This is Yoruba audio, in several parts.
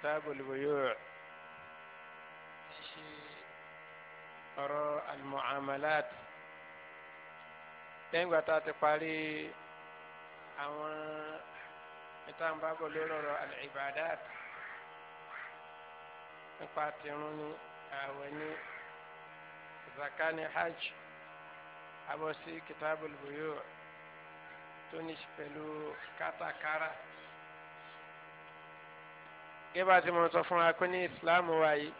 كتاب البيوع قرأ المعاملات تنغوا تاتقالي أو نتام بابو لورو العبادات نقاتلوني أوني زكاني حج أبو سي كتاب البيوع تونيش بلو كاتا كارا gẹ́gẹ́ àti mo sọ fún wa pé ní islam wa yìí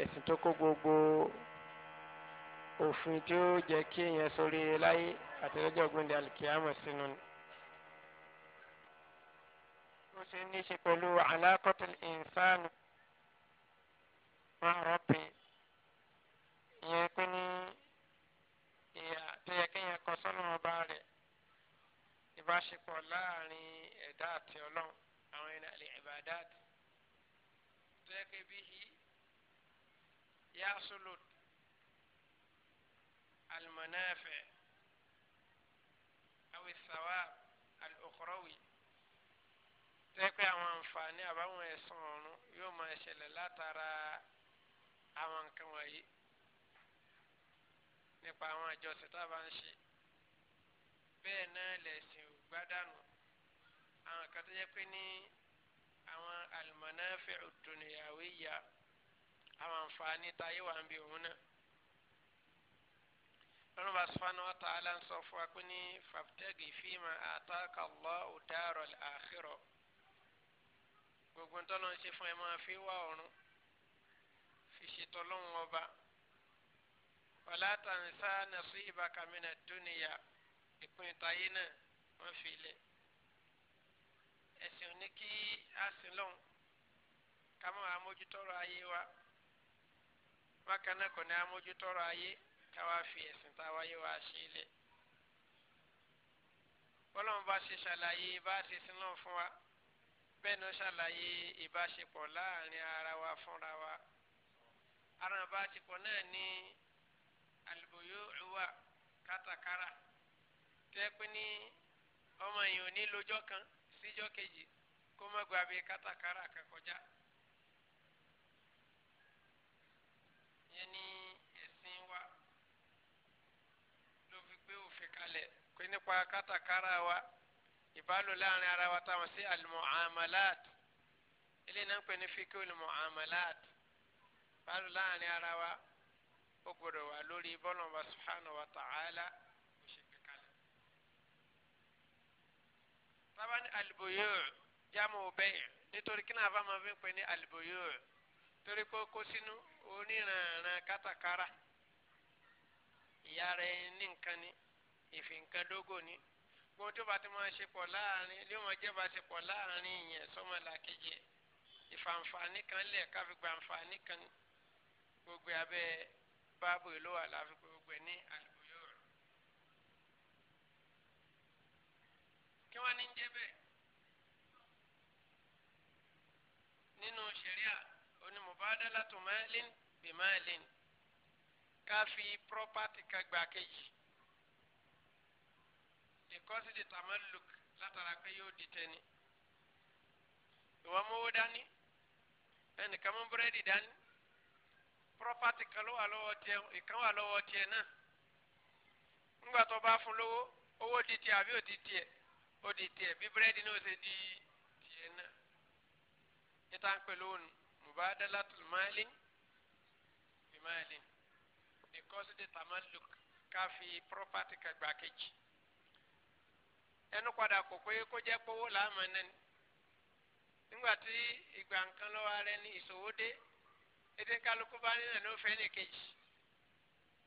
ẹ̀sìn tó kó gbogbo òfin tí ó jẹ́ kí èèyàn sórí láyé àti lọ́jọ́ gbòǹde alikiyama sínú ni. ó ṣe ní í ṣe pẹ̀lú alákọ̀tún ìsánù máa rọ́pì ìyẹn pé ní ìyà tó yẹ kéèyàn kọ sọ́nà ọba rẹ̀ ìbáṣepọ̀ láàrin ẹ̀dá àti ọlọ́run àwọn ẹni àlè ìbàdàdì tó yẹ kẹ́ bihi yasulu almanafi awi thawab al-ukhrawi tó yẹ kẹ́ àwọn àǹfààní àbáwọn ẹ̀sán ọ̀run yóò máa ṣẹlẹ̀ látara àwọn nǹkan wọ̀nyí nípa àwọn àjọsìn tá a bá ń ṣe bẹ́ẹ̀ náà lẹ̀sìn ò gbádànù àwọn kan tó yẹ pé ní. المنافع dunyawiyya àwọn àǹfààní táyé wà ń bí òun náà lọ́nà bá sọ́nà wa ta'ala ń sọ fún wa pé ní fàbtẹ́gì fíìmà àtàkà Allahu darul akhirah gbogbo ntọ́lọ́ ń ṣe fún ẹ máa fi wá ọ̀run fi ṣètò ọlọ́run ọba wala tansa nasibaka mina dunya ìpín ìtayé náà wọ́n fi lẹ̀ ẹ̀sìn ò ní kí a sìn lọ́hùn ká mọ́ àmójútọ́rọ̀ ayé wa bákan náà kò ní àmójútọ́rọ̀ ayé káwa fi ẹ̀sìn táwa yé wa ṣe ilé bọ́lọ́mù bá ṣe ṣàlàyé bá ṣe sin náà fún wa bẹ́ẹ̀ ni ó ṣàlàyé ìbáṣepọ̀ láàrin ara wa fúnra wa ara ìbáṣepọ̀ náà ní àlùbọ̀yọ̀ ìwà kátàkárà tẹ́ pé ní ọmọ èèyàn ní lọ́jọ́ kan síjọ́ kejì kó má gba bí kátàkárà kan kọjá. ìyẹn ní ẹ̀sìn wa ló fi gbé òfin kalẹ̀ pé nípa kátàkárà wa ìbálò láàrin ara wa táwọn sí al-muamalat ilé náà ń pè ní fikul muamalat ìbálò láàrin ara wa ó gbọdọ̀ wà lórí bọ́lọ̀ wa subhanahu wa ta'ala. sábà ni àlùbọ̀yọ̀ jámù bẹ́ẹ̀ nítorí kí náà bá máa fi ń pè ní àlùbọ̀yọ̀ torí pé ó kó sínú oníranran kátàkárà ìyá rẹ̀ ní nǹkan ni ìfìǹkandógò ni gbogbo tó bá ti máa ṣe pọ̀ láàrin ilé wọn jẹ́ bá ṣe pọ̀ láàrin ìyẹn sọ́mọ làkejì ìfàǹfààní kan lẹ̀ káfi gba kan gbogbo abẹ́ báàbò ìlú wà láfi gbogbo ní àlùbọ̀yọ̀. kí wọ́n ní jẹ́ bẹ́ẹ̀ nínú ṣẹ̀ríà onímọ̀bádàlá tó máa lé bí máa lé ká fi property kan gba kejì ìkọ́sí di tamaluk látara pé yóò di tẹ́ni ìwọ́n mówó dání ẹnìkan mú búrẹ́dì dání property kan ló wà lọ́wọ́ tiẹ̀ ìkan wà lọ́wọ́ tiẹ̀ náà ńgbà tó bá fún lówó owó di tiẹ̀ àbí ò di tiẹ̀ ó di tiẹ̀ bí búrẹ́dì náà ṣe di tiẹ̀ náà níta ń pè lóhùn mubadalatul mali bi mali because de tamalluk ká fi property ka gba kejì ẹnu padà kò pé kó jẹ́ pé owó làámọ̀ náà ni nígbà tí ìgbà nǹkan lọ́wọ́ rẹ ní ìṣòwò dé ètò kálukú bá nínà ló fẹ́ ní kejì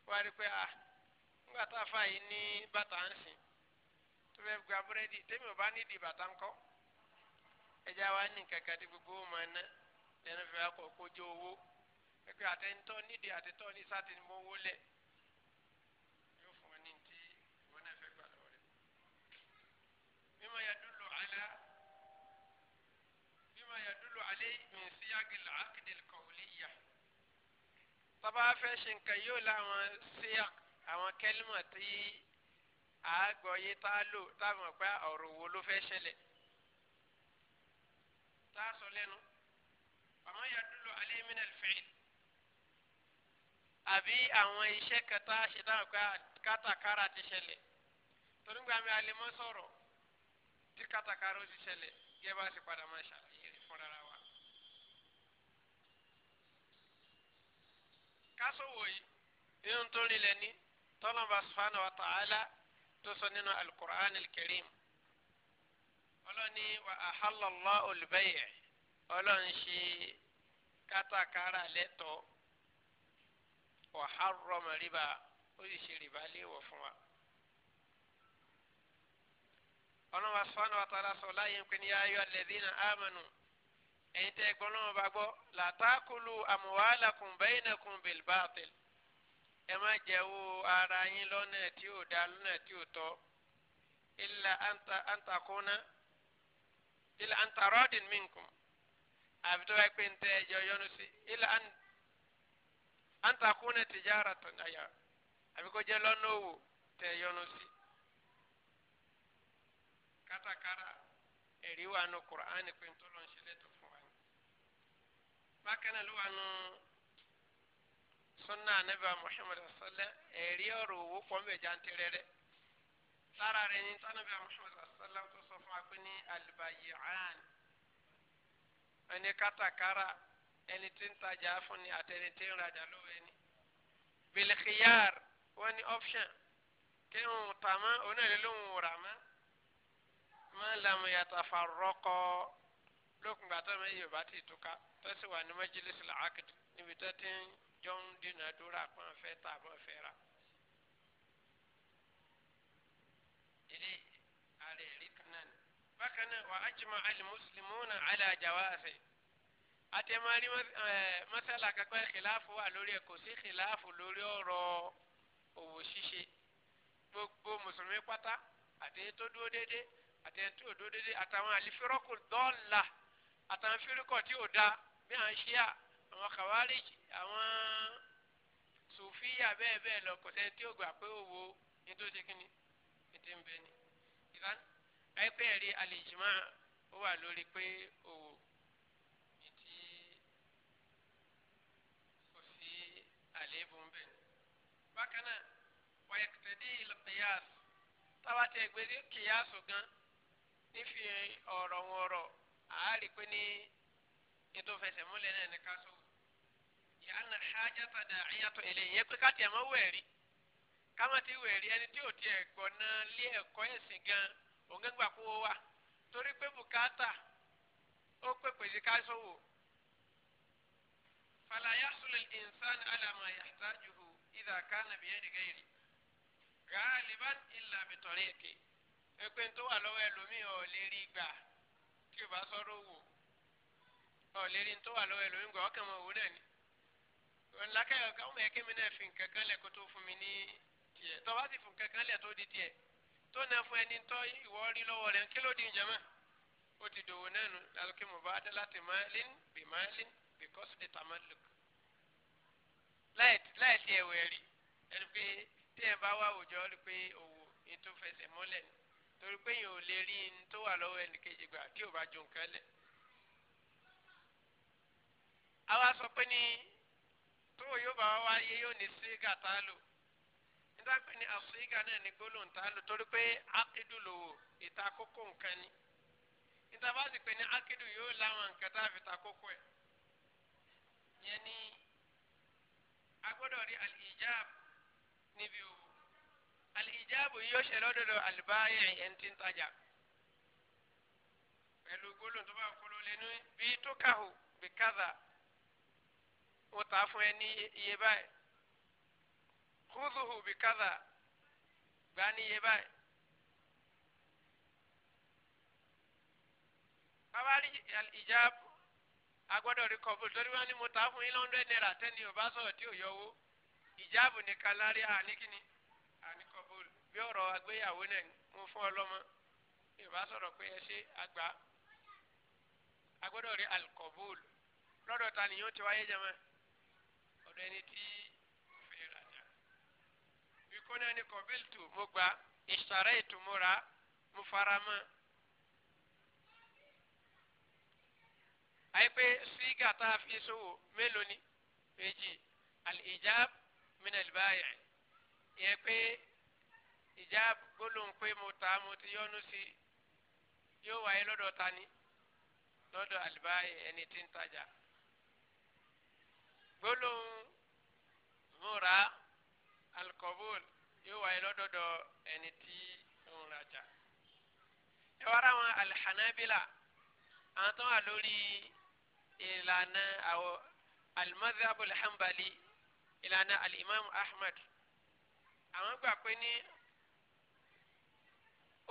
wá rí pé ah nígbà tá a fà yìí ní bàtà ń sìn fẹ́ gba búrẹ́dì tẹ́mi ò bá ní ìdìbò àtànkọ́ ẹja wa ní kankan tí gbogbo ọmọ ẹ̀ náà lẹ́nu fẹ́ kọ́ kójú owó pẹ̀pẹ́ àtẹ̀ntọ́ nídìí àtẹ̀tọ́ ní sátì ni mo wó lẹ̀ yóò fún ọ ti wọn náà fẹ́ gbà lọ́wọ́ rẹ̀. mímọ yadúlò àlá mímọ yadúlò àlẹ́ min síyágìlì àkìdìlì kọ̀ọ̀lìyà tọ́ba fẹ́ ṣe nǹkan yóò láwọn síyà àwọn kẹ́límọ̀ tí àgbọ̀yé tá a lò táwọn ọ̀pá ọ̀rọ̀ wo ló fẹ́ ṣẹlẹ̀ tá a sọ lẹ́nu àmọ́ yàdúlò alẹ́ mìíràn fẹ́ẹ́ àbí àwọn iṣẹ́ kẹta ṣe táwọn ọ̀pá kátàkárà ti ṣẹlẹ̀ torí gbàmí alẹ́ mọ́ sọ̀rọ̀ ti ṣẹlẹ̀ yẹ ti padà máa ṣàlàyé rẹ̀ fúnra wa. kásòwò yìí inú tó rinlẹ̀ ní tọ́lọ́mọba sùfàánù wa ta'ala tó sọ nínú alukur'an alkarim ọlọ́ni wà á hàlọ́lá olùbẹ́yẹ ọlọ́run ṣe kátàkárà lẹ́tọ̀ọ́ wà á rọmọ rìbá ó sì ṣe rìbá léèwọ̀ fún wa. ọlọ́run wa sọ́nà wa tààlà sọ láyé ń pè ní ayọ́ amanu ẹ̀yin tẹ́ gbọ́n náà bá gbọ́ làtàkùlù amwalakum bainakum ẹ má jẹ́wọ́ ara yín lọ́nà tí ò dá lọ́nà tí ò tọ́ illa antakuna illa antaradin minkum àfi tó bá pé ń tẹ ẹjọ́ yọnu sí illa antakuna tijaratan àyà àfi kó jẹ́ lọ́nà òwò tẹ yọnu sí. kátàkárà ẹ̀rí wa nu Qur'an pé ń tọ́lọ́ ń ṣe lẹ́tọ̀ fún wa. bákan náà ló wà nù sunna anabi muhammad asala ẹ̀rí ọ̀rọ̀ owó pọ́nbẹ̀ jantirẹrẹ lára rẹ̀ ní tanabi muhammad asala tó sọ fún akpé ní alibayi'an ẹni katakara ẹni tí ń tajà fún ni àtẹni tí ń rajà lọ́wọ́ ẹni bilkhiyar wọn ni option kí n ta ma onílẹ̀ ló ń wúra ma ma lamu yatafarraqa lókùngbà tó ma yorùbá ti tuka tó sì wà ní majlis al-aqd níbi tó jọ ń dínàdúrà pọ́n fẹ́ tà pọ́n fẹ́ rà. ilé ààrẹ rí kanáà ni. bákan náà wà á jùmọ̀ alimusulimuna alájàwá àfẹ́. àtẹ̀mọ́rí mọ́sálà kankan kìláàfù wà lórí ẹ̀ kò sí kìláàfù lórí ọ̀rọ̀ òwò ṣíṣe. gbogbo mùsùlùmí pátá àti tó dúró déédé àti tó dúró déédé àtàwọn àlìfẹ́rọ́kù dọ́ọ̀la àtàwọn fírikọ̀ tí ò da bí à ń ṣe àwọn khawarij àwọn sùfíyà bẹ́ẹ̀ bẹ́ẹ̀ lọ kò sẹ́ni tí ó gbà pé òwò nítorí kíni ètè ń bẹ ni ìlànà àìpẹ́ ẹ̀rí àlèjìmá ó wà lórí pé òwò ìtì kò sí àléébù ń bẹ ni. bákan náà wàyà kìtẹ́dí ìlọ́kìyàsù táwa tẹ gbé kìyàsù gan nífi ọ̀rọ̀ wọn àárí pé ní ètò ìfẹsẹ̀múlẹ̀ náà ní ká sọ ìhànà hajj tada ìyàtọ̀ eléyìí yẹn pé ká tiẹ̀ mọ́ wẹ̀rí ká má ti wẹ̀rí ẹni tí ò tiẹ̀ gbọ́ náà lé ẹ̀kọ́ ẹ̀sìn gan òǹgbà kó wà torí pé bùkátà ó pè pèsè ká sọ̀wọ́ fala yahsul al-insan ala ma yahtajuhu idha kana biyadi ghairi ghaliban illa bitariqi ẹgbẹ́ tó wà lọ́wọ́ ẹlòmíì ọ̀ lè rí gbà tí o bá sọ̀rọ̀ wò ọ̀ lè rí tó wà lọ́wọ́ ẹlòmíì gbà ọ̀kàn mọ̀ wò náà ni ńlákẹ́yọ̀ kan ọmọ ẹ̀kẹ́ mi náà fi nǹkan kan lẹ̀ kó tó fún mi ní tiẹ̀ tó bá sì fún nǹkan kan tó di tiẹ̀ tó na fún ẹni tó ìwọ rí lọ́wọ́ rẹ̀ kí ló di ìjàmọ́ ó ti dòwò náà nù lálùkí mo bá dé láti máa lé bì máa lé because the láì ti ẹ̀wẹ̀ rí ẹni pé tí bá wá àwùjọ rí pé òwò ní tó fẹsẹ̀ mọ́lẹ̀ ni torí pé yìí ò lè rí ní tó wà lọ́wọ́ ẹnìkejì gbà tí ò bá ju nǹkan lẹ̀ àwa sọ pé ní tó wò yóò bá wá wáyé yóò ní sígà tá a lò nígbà pé ní àsígà náà ní gbólóhùn tá a lò torí pé ákédù lòwò ìta kókó nǹkan ni níta bá sì pé ní ákédù yóò láwọn nǹkan tá a fi ta kókó ẹ̀ yẹn ní agbọ́dọ̀ rí alìjáàb níbi òwò alìjáàb yóò ṣe lọ́dọ̀dọ̀ àlùbáyé ẹni tí ń tajà pẹ̀lú gbólóhùn tó bá kúrò lẹ́nu bí tó kàhù bí kádà wọ́n tà á fún ẹ ní iye báyìí kúndùhù bí kádà gbà ní iye báyìí. kábàárì ìjáàb agbọ́dọ̀ rí kọ́bù torí wọ́n ní mo tà á fún yín lọ́ndọ̀ náírà tẹ́ni ò bá sọ̀rọ̀ tí ò yọ owó ìjáàbù nìkan lárí àníkíní àníkọ́bù bí ọ̀rọ̀ agbéyàwó náà mo fún ọ lọ́mọ ìbá sọ̀rọ̀ pé ẹ ṣe àgbà agbọ́dọ̀ rí alikọ́bù lọ́dọ̀ ta nìyẹn ó ti wáyé jẹ́ mọ́ ọ̀dọ̀ ẹni tí ó fẹ́ rajà. náà ni kọ̀bíltù mo gba ìṣàrẹ́ ìtumúra mo fara mọ́. àìpé sígà tá a fi sówò mélòó ni méjì al-ijab min al-bayi' ìyẹn pé ìjáb gbólóhùn pé mo ta mo ti yọnu sí yóò wáyé lọ́dọ̀ ta ni lọ́dọ̀ al ẹni tí ń tajà gbólóhùn múra alikọ́bùl yóò wáyé lọ́dọọdọ ẹni tí ń rajà. ẹ wá ráwọn alihanabila àwọn tó wà lórí ìlànà àwọn alimọ́sábù alhambali ìlànà alimami ahmed àwọn gbà pé ní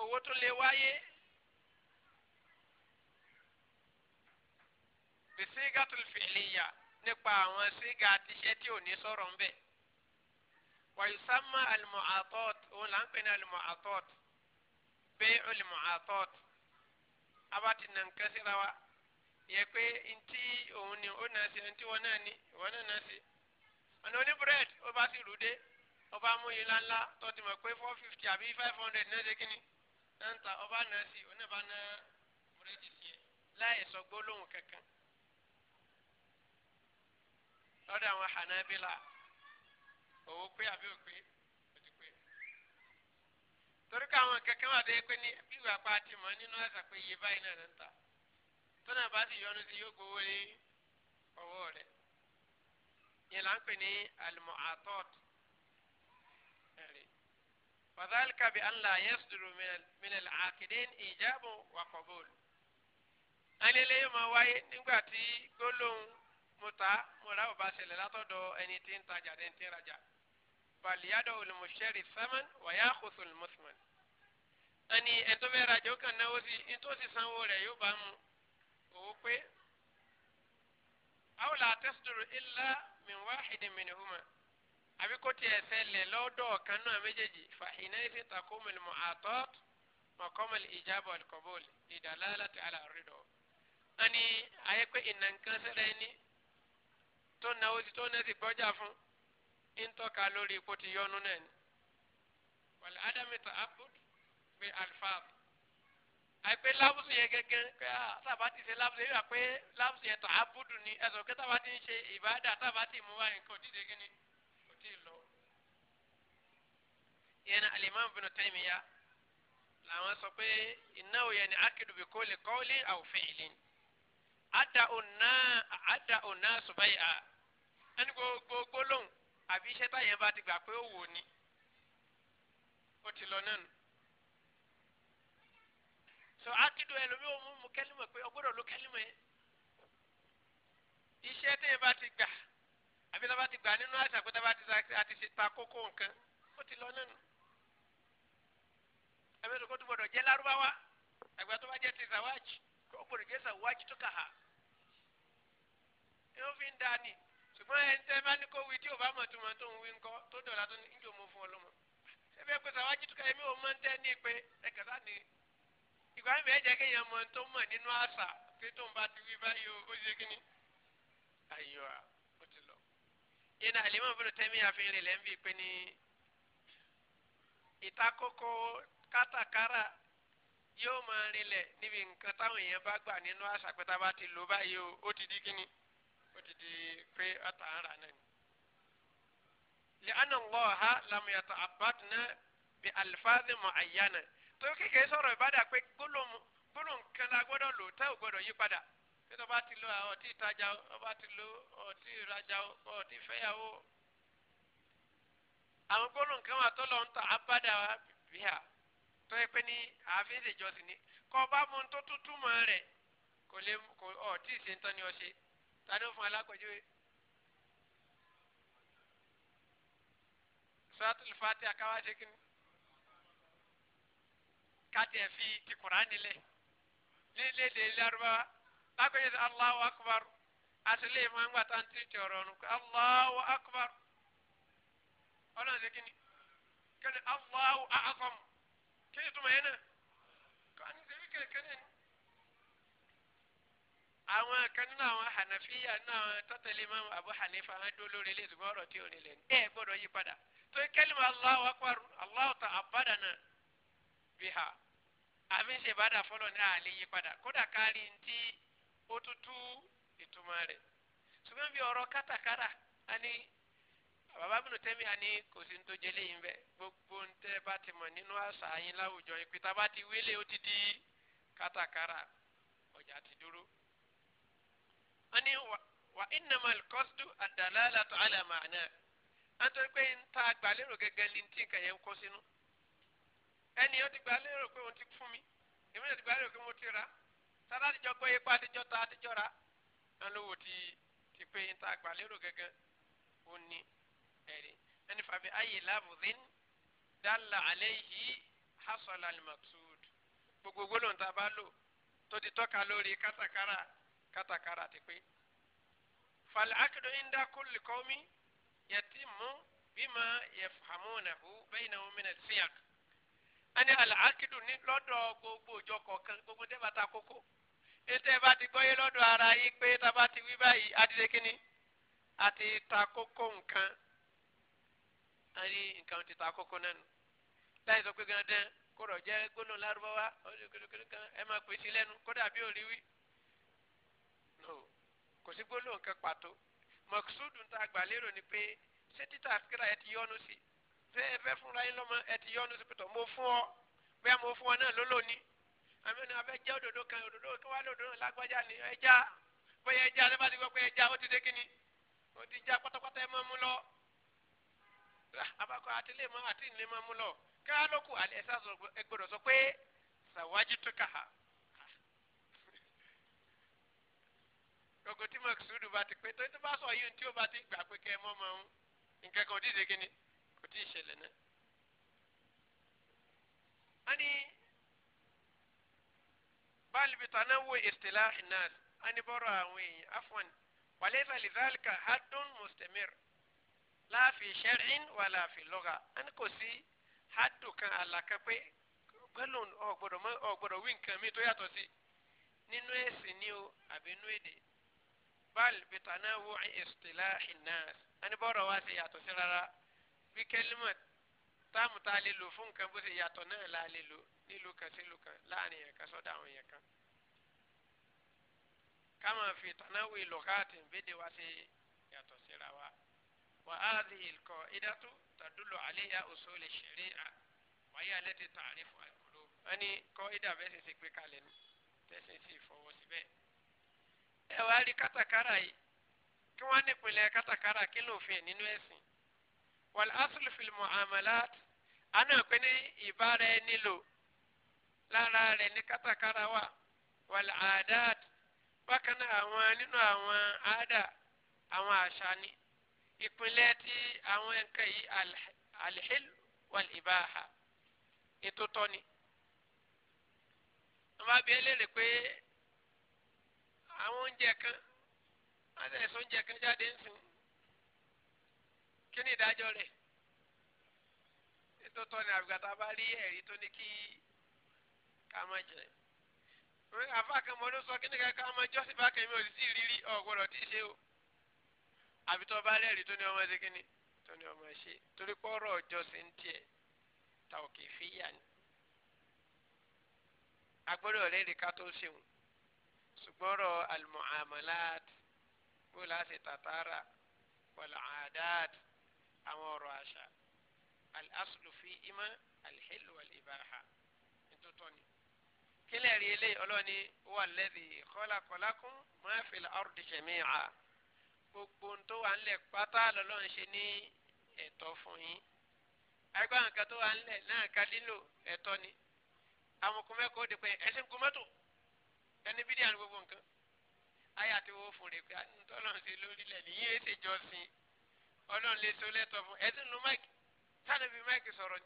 owó tó lè wáyé bisigatul fi'liya nípa àwọn síga àtiṣẹ́ tí ò ní sọ̀rọ̀ ń bẹ̀. wàyùsámà àlùmọ̀ àtọ́t òun là ń pè ní àlùmọ̀ àtọ́t bẹ́ẹ̀ àlùmọ̀ àtọ́t abati nà nǹkan síra wa yẹ pé ntí òun ni ó nà sí ntí wọn náà ni ìwọ náà nà sí. ọ̀nà oní ó bá sì rú ó bá mú yìí ńláńlá tó mọ̀ pé four fifty àbí five hundred náà ṣe kíni náà ń ta ó bá nà sí òun náà bá ná búrẹ́dì sí ẹ láì sọ gbólóhùn kankan lọ́dọ̀ àwọn Hanabila owó pé àbí òpè òtí pé torí ká àwọn kẹ̀kẹ́ wà dé pé ní bí ìwà pa ti mọ̀ nínú ẹ̀sà pé iye báyìí náà ń ta tó náà bá sì yọnu sí yóò gbowó ní ọwọ́ rẹ̀ yẹn là ń pè ní al-mu'atat وذلك بأن لا يصدر من من العاقدين إيجاب وقبول. أنا اليوم واي نبغى تي قولون mo ta mo ra bàbá ṣẹlẹ̀ látọ̀dọ̀ ẹni tí ń tajà ẹni tí ń rajà baliyadọ olùmọṣẹrì sẹmẹn wàyà àkóso olùmọṣẹmẹn ẹni ẹtọ bẹ rajà ó kàn náwó sí nítòsí sanwó rẹ yóò bá mu òwò pé aw la tẹsidoro illa min wahidin minhuma àbí kò tiẹ̀ ṣẹlẹ̀ lọ́dọ̀ kan náà méjèèjì fàhínà ìsìn takomil mu'atat maqamal ijaba wal qabul ìdàlálàtì àlàrídọ̀ ẹni ayẹ́pẹ́ ìnànkan sẹ́rẹ̀ ẹni tó náwó sí tó náà sì gbọ́jà fún ń tọ́ka lórí ipò ti yọnu náà ni. wàlẹ̀ ádámì tó abud pé alfaab àìpé lábùsù yẹn gẹ́gẹ́ pé sábà ah, ti ṣe lábùsù yẹn pé lábùsù yẹn tó abudu ni ẹ̀sọ̀ pé sábà ti ń ṣe ìbáàdà sábà ti mú wa nǹkan òdìdè gíní kò tí ì lọ. ìyẹn ní alimami bin Taymiyya làwọn sọ pé ìnáwó yẹn ni akidu bi qawli qawli aw fi'lin ada ona ada ona subaya ẹni gbogbo gbólóhùn àbí iṣẹ́ táyẹn bá ti gbà pé ó wò ni ó ti lọ nánu. sọ akidu ẹlòmí ò mú mu kẹ́límọ̀ pé ọgbọ́dọ̀ ló kẹ́límọ̀ yẹn iṣẹ́ táyẹn bá ti gbà àbí tá a bá ti gbà nínú àṣà pé tá a bá ti àti ta kókó nǹkan ó ti lọ nánu. àbí kó tó gbọdọ̀ jẹ́ lárúbáwá àgbà tó bá jẹ́ ti sàwájì kó gbọdọ̀ jẹ́ sàwájì tó kà á. ẹ ó fi ń dá ṣùgbọ́n ẹ tẹ́ bá ní kó wí tí ò bá mọ̀ tó mọ̀ tó ń wí ńkọ́ tó dọ̀la tó ń jò mọ́ fún ọ lọ́mọ. ṣébí ẹgbẹ́ sàwọn ajituka yẹn mi ò máa ń tẹ́ ní pé ẹ̀kẹ́sà ni ìgbà mi ẹ̀jẹ̀ kéèyàn mọ̀ tó mọ̀ nínú àṣà pé tó ń bá ti wí báyìí o ó ṣe kíní. ayọ̀ ó ti lọ. yẹn náà àlèmọ́ fún tẹ́mí àfihàn rẹ̀ lẹ́ńbí pé ní ìtakókó kátàkárà yóò máa rinlẹ̀ níbi nǹkan táwọn èèyàn bá gbà nínú àṣà pé tá a bá ti lò báyìí o ó ti di kíní odidi pé ọ̀tà ń rà náà ni. لأن الله لم يتعبدنا بألفاظ معينة tó kékeré sọ̀rọ̀ ìbádà pé gbólóhùn kan la gbọ́dọ̀ lò tá ò gbọ́dọ̀ yí padà pé tó bá ti lo ọtí ìtajà ó bá ti lo ọtí ìrajà ó ọtí ìfẹ́yàwó. àwọn gbólóhùn kan wà tó lọ ń ta abádà wa bí i à tó yẹ pé ní ààfin ìṣèjọsìn ni kọ́ ọ bá mú un tó tútù mọ́ rẹ̀ kò lè ọtí ìṣe ń tán ni ọ tani ó fún alákòjúwe suratul Fatiha káwá ṣe kí ni káti ẹ̀ fi ti Kùránì lẹ̀ lílé lè lárúbáwá lákòjúwe sọ Allahu Akbar àtúlẹ̀ máa ń gbà tán tí tọrọ ọ̀nù Allahu Akbar ọlọ́run ṣe kí ni kí ni Allahu A'zam kí ni túmọ̀ yẹn náà kí ni ṣe kí ni àwọn kan nínú àwọn hànàfíà nínú àwọn tọ́tẹ̀lé mọ́ Abu Hanifa àwọn dúró lórí ilé ìdùnnú ọ̀rọ̀ tí ò ní lẹ̀ ní. ẹ gbọ́dọ̀ yí padà tó kẹ́lìmọ̀ Allahu akbar Allahu ta'abbadana biha àmì ṣe bàdà fọlọ́ ní àlè yí padà kódà kárí ntí ó tutù ìtumọ̀ rẹ̀. ṣùgbọ́n bí ọ̀rọ̀ kátàkárà a ní bàbá bínú tẹ́mi a ní kò sí ní tó jẹlé yín bẹ́ẹ̀ gbogbo ń bá ti mọ̀ Ani ní wà ìnàmà kọ́sùdù àdàlálà tó àlàmà náà wọ́n tó pé ń ta gbàlérò gẹ́gẹ́ ní tí nǹkan yẹn ń kó sínú ẹni ó ti gbàlérò pé o ti fún mi èmi náà ti gbàlérò pé mo ti Sara sára àtijọ́ gbọ́ ipa àtijọ́ ta àtijọ́ ra wọ́n lówó ti ti pe ń ta gbàlérò o òun ní ẹ̀rí ẹni fàbí ayé lábùdín dálà alẹ́ yìí hasọ̀lá ni màtúùd gbogbo gbólóhùn tá a bá lò tó ti tọ́ka lórí kátàkárà kátàkárà ti pé fàlàkìdó indakul kọ́mi yatimu bima yafhamunahu bainahum min al-siyaq ani alakidu ni lọ́dọ̀ gbogbo ìjọ kọ̀ọ̀kan gbogbo tẹ́ bá ta kókó ètò ẹ bá ti gbọ́ yé lọ́dọ̀ ara yìí pé tá a ti wí báyìí adìrẹ kínní àti ta kókó nǹkan a ní ti ta kókó náà nù sọ pé gandan kó rọ̀ jẹ́ gbóná lárúbáwá ọdún kékeré kan ẹ máa pèsè lẹ́nu kódà bí ò kò sí gbólóhùn kan pàtó mọ̀kúsùdù ń ta àgbàlérò ni pé ṣé títà àtìkírà ẹ ti yọnu sí ṣé ẹ fẹ́ fúnra yín lọ́mọ ẹ ti yọnu sí pẹ̀tọ̀ mo fún ọ bẹ́ẹ̀ mo fún ọ náà ló lónìí àmì ọ̀nà abẹ́ jẹ́ òdòdó kan òdòdó kí wàá lòdò náà lágbájá ni ẹja bóyá ẹja ẹ bá ti gbọ́ pé ẹja ó ti dé kíni ó ti já pátápátá ẹ máa mú lọ abakọ àtìlẹ́ máa àtìlẹ́ máa mú lọ kí wàá lókù àlẹ́ ẹ sá gbogbo tí mọ̀kìsúdù bá ti pé tó tó bá sọ yìí tí ó bá ti gbà pé kẹ́ ẹ mọ́mọ́ ń nǹkan kan ò tí ì ṣe kí ni kò tí ì ṣẹlẹ̀ náà. wọ́n ní báàlì bìtà náà wo ìsìlá ìnáàlì wọ́n ní bọ́rọ̀ àwọn èèyàn afọ́n wàlẹ́sà hadun mustamir láàfin shar'in wà láàfin lugha wọ́n ní kò sí hadu kan àlàkà pé gbẹ́lùn ọ̀gbọ̀dọ̀ wí nǹkan mi tó yàtọ̀ sí nínú ẹ̀sìn ni o àbí nínú èdè bal bitana wuci istilahi nas ani bọ́rọ̀ wá sí yàtọ̀ sí rárá bí kẹ́límọ̀ táàmù tá a lè lò fún nǹkan bó ṣe yàtọ̀ náà la lè lò nílùú kan sílùú kan láàrin yẹn kan sọ́dọ̀ àwọn yẹn kan. kama fi tanawi lugati bidi wasi yàtọ̀ síra wa wa hadhihi alqaidatu tadullu alayha usul ash-shari'a wa hiya allati ta'rifu al ani qaida bẹ́ẹ̀ sì pé kalẹ̀ ní tẹ́sí sí ìfọwọ́ ẹ wá rí kátàkárà yìí kí wọ́n nípìnlẹ̀ kátàkárà kí lófin nínú ẹ̀sìn wal aslu fil muamalat àná pé ní ìbára ẹni lò lára rẹ̀ ní kátàkárà wà wal adat bákan náà àwọn nínú àwọn àádà àwọn àṣà ni ìpínlẹ̀ tí àwọn nǹkan yìí alhil wal ibaha ètò tọ́ni. wọ́n bá bí ẹ lérè pé àwọn oúnjẹ kan àtẹ̀sọ oúnjẹ kan jáde ń sùn kí ni ìdájọ́ rẹ̀ ètò tọ́ni àbíkàtà bá rí ẹ̀rí tó ní kí ká má jẹ àfa kan mọ́ ló sọ kí ni ká ká má jọ́sìn bá kẹ́mi ò sí rírí ọ̀gbọ́dọ̀ tí ì ṣe o àbí tó bá lẹ́rìí tó ní ọmọ ṣe kí ni tó ní ọmọ ṣe torí pé ọ̀rọ̀ jọ́sìn tiẹ̀ ta ò kì í fi yà ni agbọ́dọ̀ rẹ̀ rí ká tó ṣeun gbọ́rọ̀ almuamalat bó láti tàtàrà wàlàádáàt àwọn ọ̀rọ̀ àṣà al-aslu fi ima al-hillu wal-ibaha nítòtọ́ ni. kílẹ̀ rí eléyìí ọlọ́ni wà lẹ́dí kọ́lákọ́lákún máa fi ọ̀rùdì jẹ̀míà gbogbo tó wà ńlẹ̀ pátá lọ́lọ́run ṣe ní ẹ̀tọ́ fún yín. agbáhùn kan tó wà ńlẹ̀ náà ká lílò ẹ̀tọ́ ni. àwọn kọ́mẹ́kọ́ ó di ẹni bídíà ní gbogbo nǹkan ayé àti owó fún rẹ pé ah, ntọ́lọ́n ṣe lórílẹ̀ nìyí èsè jọ́sìn ọlọ́run lè so lẹ́tọ̀ fún ẹ̀sìn lu máìkì sáré bí máìkì sọ̀rọ̀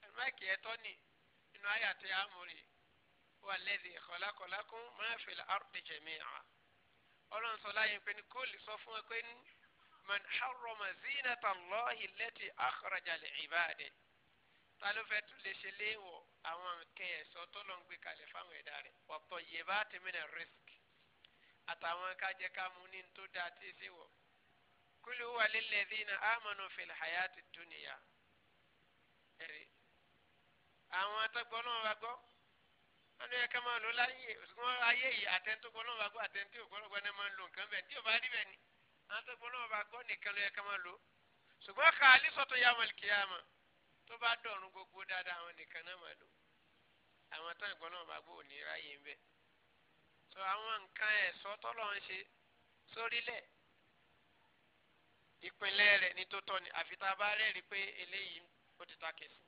ni máìkì ẹ̀tọ́ ni inú ayé àti amòrè wà lẹ́dí kọ̀lákọ̀lákún máa fi àrùtì jẹ̀mí à ọlọ́run sọ láyé pé ní kóòlì sọ fún ẹ pé ní man harrama zinata allahi lẹ́tì akhraja li ibade ta ló fẹ́ tún lè ṣe léèwọ̀ àwọn nǹkan ẹ̀sọ́ tó lọ́n gbé kalẹ̀ fáwọn ẹ̀dá rẹ̀ ọ̀pọ̀ yẹ bá ti mìíràn risk àtàwọn kájẹ ká mú ní tó dáa tí ì sí wọ̀ kúlù wà lílẹ̀ dínà àmọ́nù fìlà hayati dúnìyà ẹ̀rí àwọn atọ́gbọ́n náà wá gbọ́ wọn yẹ ká máa lò láyé wọn ayé yìí àtẹ̀ntó gbọ́n náà wá gbọ́ àtẹ̀ntó gbọ́n náà máa lò nǹkan bẹ́ẹ̀ tí ò bá rí bẹ́ẹ̀ ni àwọn atọ́gbọ́n náà wá gbọ́ nìkan ló yẹ ká máa lò ṣùgbọ́n kàálí sọ̀tọ̀ yàmọ̀lì kìyàmọ̀ tó bá dọ̀rùn gbogbo dáadáa àwọn nìkan náà máa lò àwọn tó ń gbọ́ náà bá gbóò ní ráyè ń bẹ̀. sọ àwọn nǹkan ẹ̀sọ́ tọ́lọ́ ń ṣe sórílẹ̀ ìpínlẹ̀ rẹ̀ ní tó tọ́ ni àfi tá a bá rẹ́ẹ̀rí pé eléyìí ó ti ta kẹsì.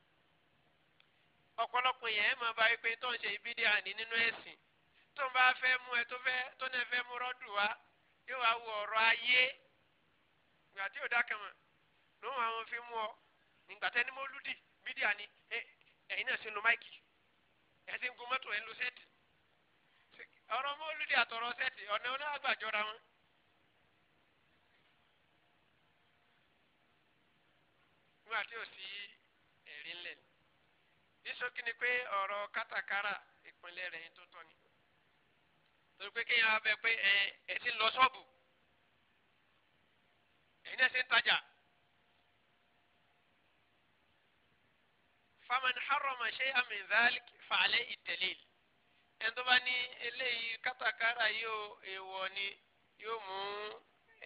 ọ̀pọ̀lọpọ̀ yẹn máa bá wípé tó ń ṣe ìbídí àní nínú ẹ̀sìn tó ń bá fẹ́ mú ẹ tó fẹ́ tó náà fẹ́ mú rọ́dù wá yóò wá wo ọ̀rọ̀ ayé ìgbà tí yóò dákẹ́ mọ̀ lóhùn àwọn fi mú ọ nígbà tẹ́ni mo lùdì bídí àní ẹ̀yin náà ṣe lo máìkì ẹsìn gun mọ́tò ẹ̀ ń lo sẹ́ẹ̀tì ọ̀rọ̀ mọ́lúdì àtọ̀rọ̀ sẹ́ẹ̀tì ọ̀nà onágbàjọra wọn. nígbà tí ò ẹ̀rí ńlẹ̀ níṣókí ni pé ọ̀rọ̀ kátàkárà ìpínlẹ̀ rẹ̀ tó tọ́ ni torí pé kéèyàn abẹ pé ẹ̀ ẹ̀ ti lọ ṣọ́ọ̀bù ẹ̀yin ẹ̀ ṣe ń tajà. faman harama shay'an min dhalik fa alayhi dalil ẹni tó bá ní eléyìí kátàkárà yóò èèwọ̀ ni yóò mú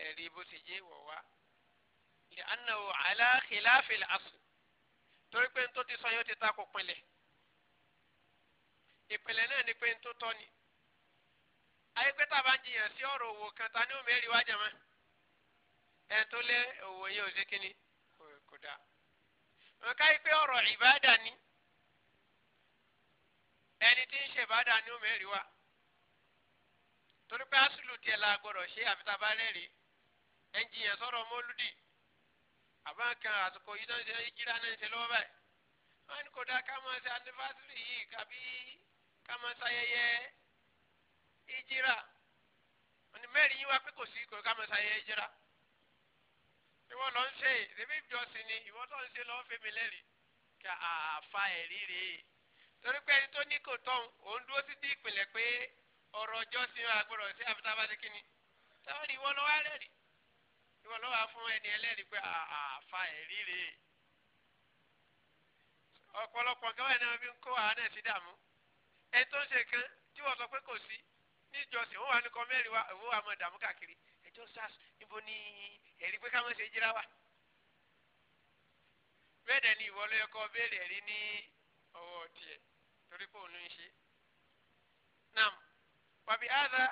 ẹ̀rí bó ti jẹ́ wọ̀ wá li annahu ala khilafil asl torí pé tó ti sọ yóò ti takò pinlẹ̀ ìpìlẹ̀ náà ni pé tó tọ́ ni ayé pé tá a bá ń jiyàn sí ọ̀rọ̀ òwò kan ta ni ó mẹ́rin wájà mọ́ ẹ̀ tó lé òwò yẹn ò sí kínní kò dáa wọn ká pé ọ̀rọ̀ ìbáàdà ni ẹni tí ń ṣe ìbáàdà ni ó mẹ́rin wa torí pé asùlù tiẹ̀ la gbọ́dọ̀ ṣe àfitábá lẹ́rìí ẹnjìyàn sọ̀rọ̀ mọ́lúdì àbáǹkan àsìkò yìí náà ṣe jíra náà ṣe lọ́wọ́ báyìí wọn ní kò ká máa ṣe anifásírì yìí kàbí ká máa ṣayẹyẹ ìjíra wọn ni mẹ́rin yín wá pé kò sí kò ká máa ṣayẹyẹ ìjíra tí wọ́n lọ ń ṣe ìdèmí ìjọsìn ni ìwọ́n tó ń ṣe lọ́wọ́ fẹ́mi lẹ́rìí kí àfa ẹ̀rí rèé torí pé ẹni tó ní kò tán òun dúró sí ti ìpìlẹ̀ pé ọ̀rọ̀ ìjọsìn àgbọ̀rọ̀ sí àfitábàdé kínní táwọn ìwọ lọ́wọ́ rẹ̀rì ìwọ lọ́wọ́ fún ẹni ẹlẹ́rìí pé àfa ẹ̀rí rèé ọ̀pọ̀lọpọ̀ gẹ́wẹ́ náà fi ń kó àánẹ̀ sí dààmú ẹni tó ń ṣe kan tí wọ́n sọ pé kò sí níjọsìn òun wà ní kọ́mẹ́rì wa òun wà mọ̀ dààmú káàkiri ẹjọ́ sars níbo ni ẹ̀rí pé káwọn ṣe jíra wa bẹ́ẹ̀ dẹ̀ ni ìwọ ló yẹ kọ́ béèrè ẹ̀rí ní ọwọ́ tiẹ̀ torí pé òun ń ṣe nam wàbí àdá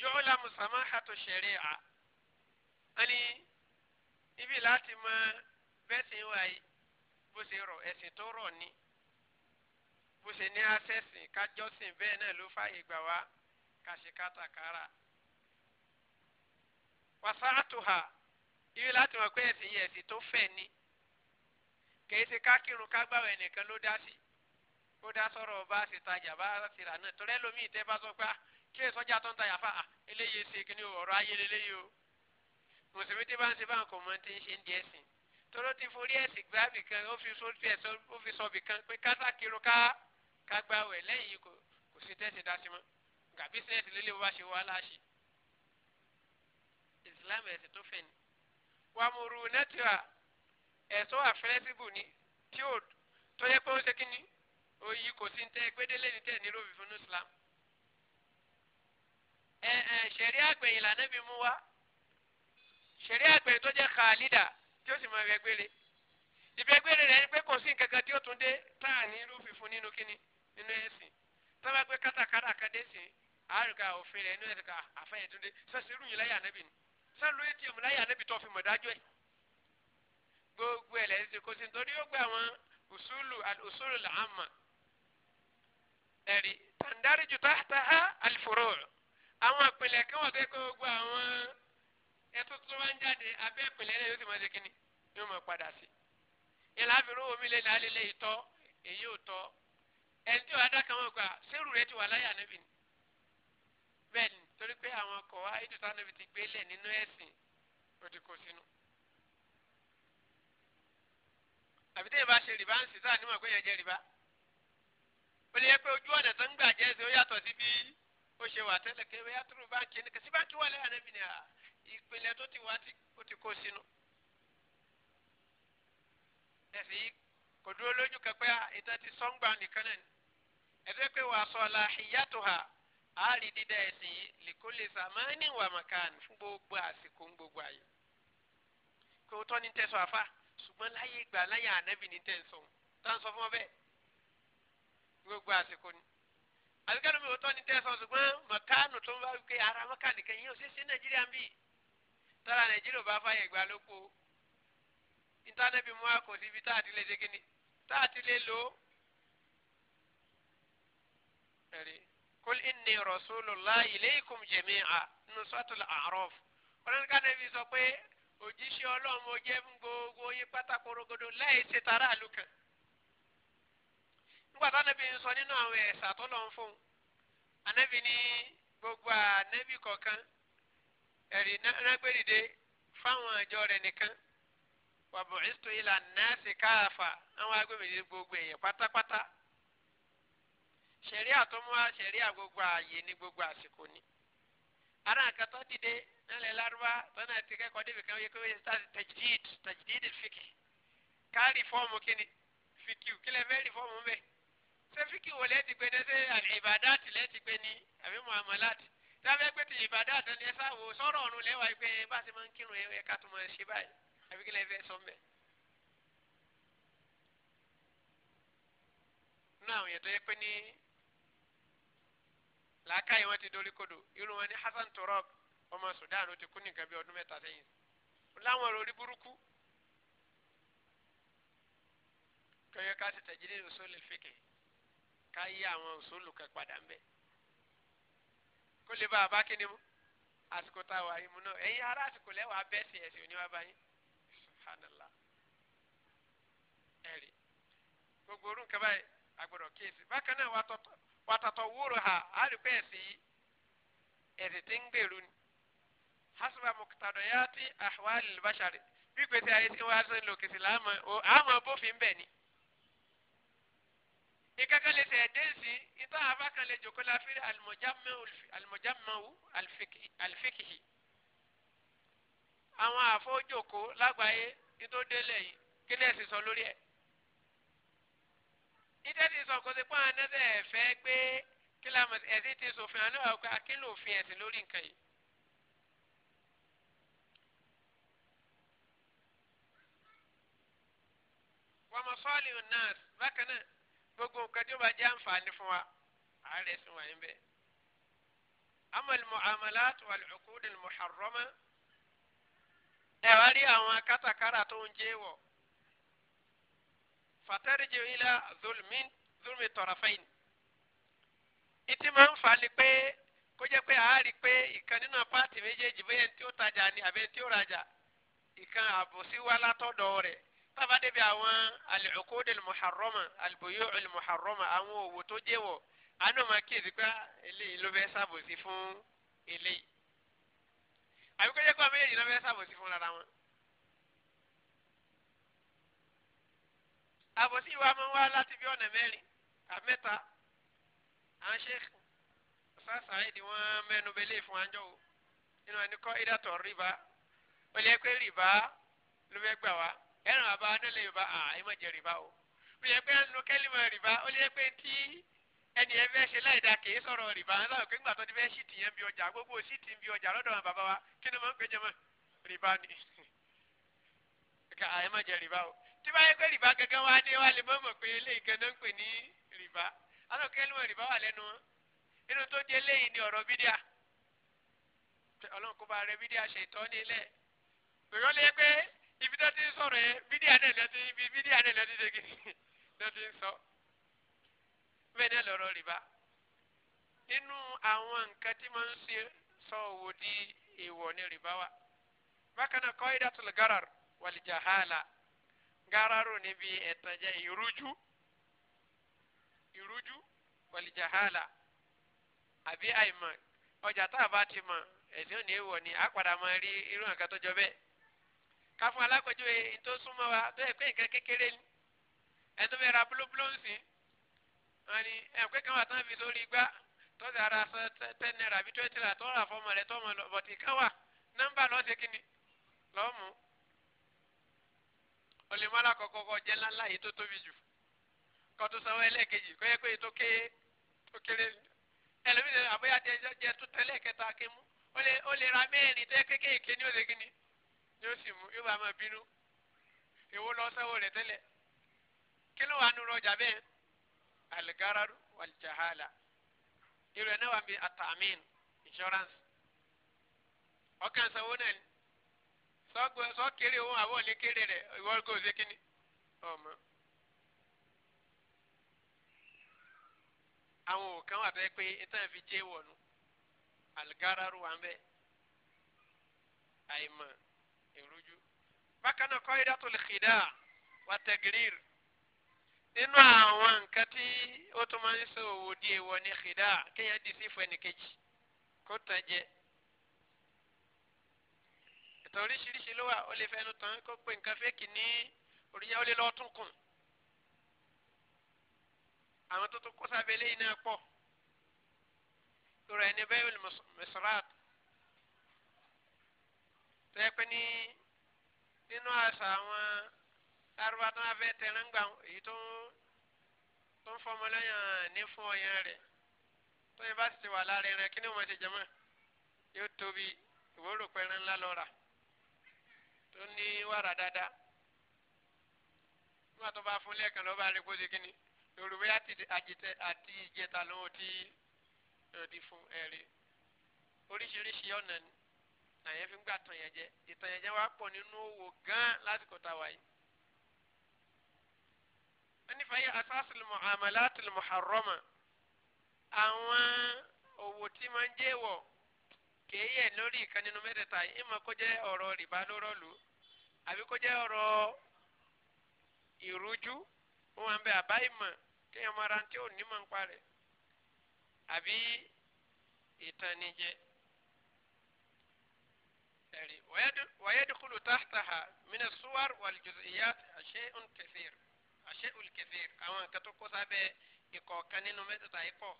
yóò la musamahatu shari'a ani ibi láti mọ bẹ́ẹ̀ sì ń wáyé bó ṣe rọ ẹ̀sìn tó rọ̀ ni bó ṣe ní asẹ́sìn kájọ́sìn bẹ́ẹ̀ náà ló fààyè gbà wá kàṣe wàsáàtùhà ibi láti mọ̀ pé ẹ̀sìn yẹn ẹ̀sìn tó fẹ̀ ni kìí ṣe kákìrún kágbáwẹ̀ nìkan ló dá sí ó dá sọ̀rọ̀ bá a ṣe tajà bá a ṣe rà náà torí ẹlòmíì tẹ́ bá sọ pé ah, kí èso ọjà tó ń tajà fà á ah, eléyìí ṣe kí ni ọ̀rọ̀ ayé lélẹ́yìí o mùsùlùmí tí bá ń ṣe bá ń kò mọ ti ń ṣe ń di ẹ̀sìn tóró ti forí ẹ̀sìn gbáàbì kan ó fi sóbi ẹ̀sọ́ ó fi sọ̀bì kan pé kásákìrún ká kágbáwẹ̀ lẹ́yìn kò sí tẹ́sí dá sí mọ́ gàbí sẹ́ẹ̀sì lélẹ́wọ́ bá ṣe wá láṣìí islam ẹ̀sìn tó fẹ̀ ni wàmúrú nẹ́tìrà ẹ̀sọ́ àfẹ́lẹ́sìbù ni tí ò tó yẹ pé ó ṣe kínní òyì kò sí tẹ gbẹdẹlẹ ní tẹ nílò òbí fún islam ẹ ẹ ṣẹ̀rí àgbẹ̀yìn lànà bí mú wa ṣẹ̀rí àgbẹ̀yìn tó jẹ́ khalida tí ó sì máa rẹgbẹ̀rẹ̀ ìbẹ̀gbẹ̀rẹ̀ rẹ̀ ni pé kò sí nǹkan kan tí ó tún dé tá à ní irú fífún nínú kínní nínú ẹ̀sìn tó bá gbé kátàkárà kan dé sí àárùkà òfin rẹ̀ nínú ẹ̀sìn àfẹ́yẹ̀túndé sọ́sì irú yìí láyé ànábì ni sálọ atm láyé ànábì tó fi mọ̀ dájú ẹ̀ gbogbo ẹ̀ lẹ́yìn tí kò sí nítorí ó gbé àwọn usulu al-usulu al-amma ẹ̀rí tàǹdárí ju tahtaha al-furu' àwọn ìpìlẹ̀ kí wọ́n kẹ́kọ̀ọ́ gbogbo àwọn ẹ̀tọ́ tó wá ń jáde abẹ́ ìpìlẹ̀ náà yóò ti máa ṣe kíni yóò máa padà sí i ìlà omi lè ní alẹ́lẹ́ ìtọ́ èyí ò tọ́ ẹni tí wàá wọn gbà sẹ́rù rẹ ti wà láyà níbi ni torí pé àwọn ọkọ̀ wa ìdútà níbi ti gbélé nínú ẹ̀sìn ó ti kó sínú. àbí téèyàn bá ṣe rìbá ń sì sáà nímọ̀ pé yẹn jẹ́ rìbá. ó lè yẹ pé ojú ọ̀nà tó ń gbà jẹ́ ẹ̀sìn ó yàtọ̀ sí bí ó ṣe wà tẹ́lẹ̀ kí ẹ yàtúrú báńkì ẹni kẹsí báńkì wà lẹ́yìn ànábì ni ìpìlẹ̀ tó ti wá ó ti kó sínú. ẹ̀sìn yìí kò dúró lójú kẹpẹ́ ìtàn ti sọ́ngbà nìkan náà ẹ̀dẹ́ pé wàá sọ àárí dídá ẹ̀sìn yìí lèkólè sàmánì wà màkàn fún gbogbo àsìkò ń gbogbo àyè kò tọ́ ní tẹ̀sán àfa ṣùgbọ́n láyé ìgbà láyé ànábì ní tẹ̀sán tá à ń sọ fún ọ bẹ́ẹ̀ gbogbo àsìkò ni àbíkẹ́ lómi òótọ́ ní tẹ̀sán ṣùgbọ́n màkàn tó ń bá wípé ara màkàn nìkan yìí ó ṣe ṣe nàìjíríà ń bì tára nàìjíríà bá fàyè gbà lóko ìtànẹ́bí mú àkòsí ibi tá àtìlẹ́ kul inni rasulullah ilaykum jami'a nínú a a'raf ọlọ́nìkà nàbí sọ pé òjíṣẹ́ ọlọ́run mo jẹ́ fún gbogbo yín pátákórógodo láì ṣe tara àlù kan nígbà tó nàbí ń sọ nínú àwọn ẹ̀sà tó lọ́n fún anábì ní gbogbo ànábì kọ̀ọ̀kan ẹ̀rí nágbèrèdè fáwọn àjọ rẹ̀ nìkan wàbọ̀ ìsòyìnlá náà ṣe gbogbo ṣẹ̀ríà tó mú wa ṣẹ̀ríà gbogbo ààyè ní gbogbo àsìkò ni. ara nǹkan tó dìde nílẹ̀ lárúbá tó náà ti kẹ́kọ̀ọ́ débi kan yẹ kó yẹ sáà tajidid tajidid fìkì ká rìfọ́ọ̀mù kíni fìkì kílẹ̀ fẹ́ rìfọ́ọ̀mù bẹ́ẹ̀. ṣé fìkì wò lẹ́ẹ̀tì gbé ní ṣé ìbàdàtì lẹ́ẹ̀tì gbé ní àbí muamalat dábẹ́ pé ti ìbàdàtì ni ẹ sá wò sọ̀rọ̀ ọ̀run lẹ́wà pé bá ti máa ń kírun ẹ ká tó máa làákàyè wọn ti doli kodo irun wani Hasan Turab ọmọ Sudan ó ti kú nìkan bí ọdún mẹ́ta sẹ́yìn láwọn ọ̀rọ̀ orí burúkú kẹyọ ká ti tẹ̀jú nínú sólè fèkè ká yí àwọn òṣòlù kan padà ń bẹ̀ kó lè bá a bá kíni mu àsìkò tá a wà yìí mu náà ẹ̀yin ará àsìkò lẹ́wàá gbogbo orun kaba yìí agbọ́dọ̀ kíyèsí bákan náà wàá wàtàtọ̀ wúrò ha àdìpẹ́ e ẹ̀sìn yìí ẹ̀sìn tí ń gbèrú ni hasuba muktadayati ahwalil bashari bí gbèsè ayé tí wàá sọ̀rọ̀ lòkèsì láàmú àmọ́ bófin bẹ̀ ni. ìkankan lè sẹ̀ dé sí ìta àbá kan lè jòkó láfi alimọ̀jámẹ́wò alifikihi àwọn àfọ́jòkó lágbàáyé nítorí délẹ̀ yìí kí lẹ́sìn sọ lórí ẹ̀ ìdẹ́ ti sọ kó ti pọ́n anẹ́sẹ̀ ẹ̀fẹ́ pé kí la mọ̀ ẹ̀sìn ti sòfin àná ọ̀pẹ akínlò òfin ẹ̀sìn lórí nǹkan yìí. wọ́n mọ sọ́ọ̀lì nọ́ọ̀sì bákan náà gbogbo nǹkan tí ó bá jẹ́ àǹfààní fún wa àárẹ̀ sùn wáyé bẹ́ẹ̀. أما المعاملات والعقود المحرمة ẹ̀wá rí àwọn kátàkárà tó ń jẹ́ wọ̀ fatariju ila zulmin zulmi tarafain ìtì máa ń fa ni pé kó jẹ́ pé àárí pé ìkan nínú pààtì méjèèjì bóyá ẹni tí ó tajà ni àbẹ́ tí ó rajà ìkan àbòsí wá látọ̀dọ̀ rẹ̀ tába débi àwọn al-uqud al-muharrama al-buyu' al-muharrama àwọn òwò tó jẹ́wọ̀ àánú máa kíyèsí pé ah, eléyìí ló fẹ́ ṣàbòsí fún eléyìí àbíkọ́jẹ́ pé àwọn méjèèjì ló fẹ́ àbòsí wa máa ń wá láti bí ọ̀nà mẹ́rin àmẹ́ta àwọn sheikh sàṣàyè ni wọ́n mẹ́nu bẹ́lẹ̀ fún anjọ́ o nínú ẹni kọ́ ìdàtọ̀ rìbá ó lè pé rìbá ló fẹ́ gbà wá ẹ̀ràn àbá nílẹ̀ yorùbá à ẹ̀ má jẹ rìbá o ó lè pé ẹnu kẹ́lí mọ̀ rìbá ó lè pé tí ẹni ẹ fẹ́ ṣe láìda kì í sọ̀rọ̀ rìbá ńlá òkè ńgbà tó ti fẹ́ ṣì tìyẹn bí ọjà gbogbo ṣì tì bí ọjà lọ́dọ̀ àwọn bàbá wa kí ni mo ń pè jẹ́ mọ́ rìbá ni ẹ̀ má rìbá o tí bá yẹ pé rìbá gẹ́gẹ́ wá dé wá lè mọ̀ mọ̀ pé eléyìí kan náà ń pè ní rìbá alọ́kẹ́ ló mọ̀ rìbá wà lẹ́nu wọn inú tó di eléyìí ni ọ̀rọ̀ bídíà ọlọ́run kó bá rẹ bídíà ṣe ìtọ́ ní ilẹ̀ èèyàn lè pé ibi tó ti ń sọ̀rọ̀ yẹn bídíà náà lọ́ọ́ ti ibi bídíà náà lọ́ọ́ ti ṣe kí ló ti ń sọ bẹ́ẹ̀ náà lọ́rọ̀ rìbá nínú àwọn nǹkan tí mo ń ṣe sọ òwò di èèwọ̀ ní rìbá wa bákan náà kọ́ ìdàtúlù gáràr wàlìjà hàlà gáràrò níbi ẹ̀tànjẹ iruju iruju walijahala àbí aima ọjà tá a bá ti mọ̀ ẹ̀sìn òní èèwọ̀ ni a padà máa rí irú nǹkan tó jọ bẹ́ẹ̀ ká fún alákòjúwe tó súnmọ́ wa tó yẹ pé nǹkan kékeré ni ẹ̀ tó fẹ́ ra búlóbúló ń sìn wọn ni ẹ̀ pé káwọn àtàn fi sórí igbá tọ́sí ara sọ ten naira àbí twenty naira tọ́ra fọmọ rẹ tọ́mọ lọ bọ̀tì kan wà nọ́mbà lọ́ọ́ ṣe kí mú o lè mọ́lá kọ̀ọ̀kan kọ jẹ́ ńláńlá yìí tó tóbi jù kọ́ tó sanwó ẹlẹ́ẹ̀kejì kọ́ yẹ pé tó ké tó kéré ẹlòmíì lè àbóyá jẹ jẹ tó tẹ́lẹ̀ kẹta ké mú o lè o lè ra mẹ́rin tẹ́ kékèké ní òde kíni ni ó sì mú yóò bá máa bínú èwo lọ sanwó rẹ̀ tẹ́lẹ̀ kí ló wà nù rọjà bẹ́ẹ̀ aligararu walijahala irú ẹ̀ náà wà bí atamin insurance ọkàn sanwó náà ni sọ́gbọ́ sọ́kéré òun àbọ̀ lè kéré rẹ̀ ìwọ kò ṣe kínní ọmọ. àwọn òkan wà bẹ́ẹ̀ pé ìtàn fi jẹ́ wọ̀nù àlùgáràrú wà ń bẹ́ẹ̀ àìmọ̀ ìrújú. bákan náà kọ́ ìdá tó lè xìdá wà tẹ̀gírìr nínú àwọn nǹkan tí ó tún máa ń sọ òwò díẹ̀ wọ ní xìdá kéèyàn dì sí fún ẹnìkejì kó tàn jẹ́ ìtàn oríṣiríṣi ló wà ó lè fẹnu tán kó pe nǹkan fẹ́ẹ̀kì ní oríyá ó lè lọ́ọ́ tún kùn àwọn tó tó kó sábẹ́ lẹ́yìn náà pọ̀ ìrọ̀ ẹni bẹ́ẹ̀ olùmọ̀sọ̀ràt tó yẹ pé ní nínú àṣà àwọn lárúbá tó máa fẹ́ tẹ̀lé ńgbà èyí tó ń fọmọ lẹ́yìn ní fún ọyàn rẹ̀ tó yẹ bá ti wà lára ẹran kí ni wọ́n ti jẹ mọ́ yóò tóbi ìwé òròpẹ̀rẹ̀ ńlá lọ́ra tó ní wàrà dáadáa nígbà tó bá fún lẹ́ẹ̀kan lọ́ba rẹ̀ kó ṣe kínní yorùbá àti ìjẹta ló ti ti fún ẹ̀rí oríṣiríṣi ọ̀nà ni àyẹ̀ fi ń gbà tàn yẹn jẹ ìtàn yẹn jẹ wá pọ̀ nínú owó gan lásìkò tá a wà yìí. wọ́n ní fàyè asásìlì muamalatil muharrama àwọn owó tí máa ń jẹ́ wọ̀ kéèyàn lórí ìkan nínú mẹ́tẹ̀ẹ̀ta yìí ìmọ̀ kó jẹ́ ọ̀rọ̀ rìbá lóró lù ú àbí kó jẹ́ ọ̀rọ̀ ìrújú wọn máa ń bẹ àbá ìmọ̀ téèyàn máa ra tí ò ní máa ń parẹ́ àbí ìtànìjẹ ẹ̀rí wàyẹ́dìkúlù táhtàhà mina suwar wàlìjùzìyà àṣẹ nkẹfẹ́r àṣẹ olùkẹfẹ́r àwọn nǹkan tó kó sábẹ́ ìkọ̀ọ̀kan nínú mẹ́tẹ̀ẹ̀ta ikọ̀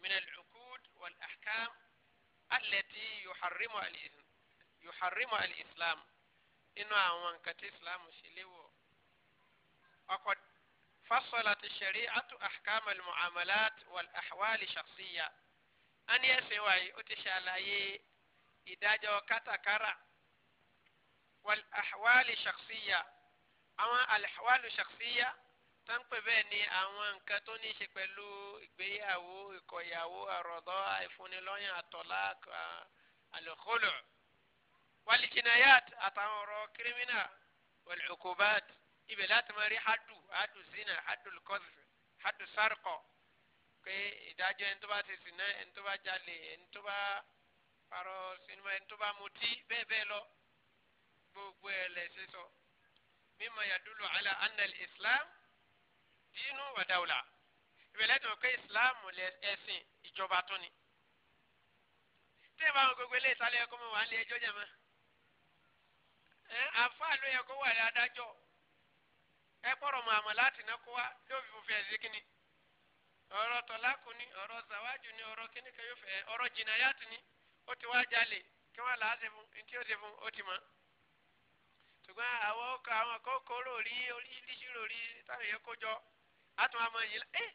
mina lukud wàlìhàkàm alẹ́tì yòhàrímù alìsìlámù nínú àwọn nǹkan tí islam ṣe léwọ̀ ọkọ̀ fasola ti ṣẹ̀rí atu ahkamal mu'amalat wal ahwali shakhsiya a ní ẹ̀sìn wáyé ó ti ṣàlàyé ìdájọ́ kátàkárà wal ahwali shakhsiya àwọn al ahwali shakhsiya tó ń pè bẹ́ẹ̀ ni àwọn nǹkan tó ní í ṣe pẹ̀lú ìgbéyàwó ìkọ̀yàwó àròdọ́ ìfúnnilọ́yìn àtọ̀lá àlùkòlù walikinayat àtàwọn ọ̀rọ̀ kírímínà wàlúkúbát ibẹ̀ láti máa rí hadu hadu zina hadu kọ́sì hadu sárkọ̀ pé ìdájọ́ ẹni tó bá ti sìn náà ẹni tó bá jalè ẹni tó bá parọ́ sinimá ẹni tó bá mutí bẹ́ẹ̀ bẹ́ẹ̀ lọ gbogbo ẹ̀ lẹ́sẹ̀ sọ mímọ yadulu ala anal islam dínú wàdáwùlà ibẹ̀ láti mọ̀ pé islam ẹ̀sìn ìjọba tó ni. tí bá wọn gbogbo ilé ìsàlẹ̀ ẹ̀kọ́ mọ̀ wá lé ẹjọ́ jẹ̀ mọ́ ẹ àfáà ló yẹ kó wà ní adájọ́ ẹ gbọ́dọ̀ mọ àmọ́ láti ná kó wá yóò fi fòfin ẹ̀sìn kínní ọ̀rọ̀ tọ́lákùn ni ọ̀rọ̀ sàwájú ni ọ̀rọ̀ kínní kan yóò fẹ́ ọ̀rọ̀ jìnnàyàtì ni ó ti wá jalè kí wọ́n là á ṣe fún ntí ó ṣe fún ó ti mọ́ ṣùgbọ́n àwọn ọkọ̀ àwọn kókó lórí oríṣiríṣi lórí táwọn yẹn kó jọ àtúnwá mọ yìí ẹ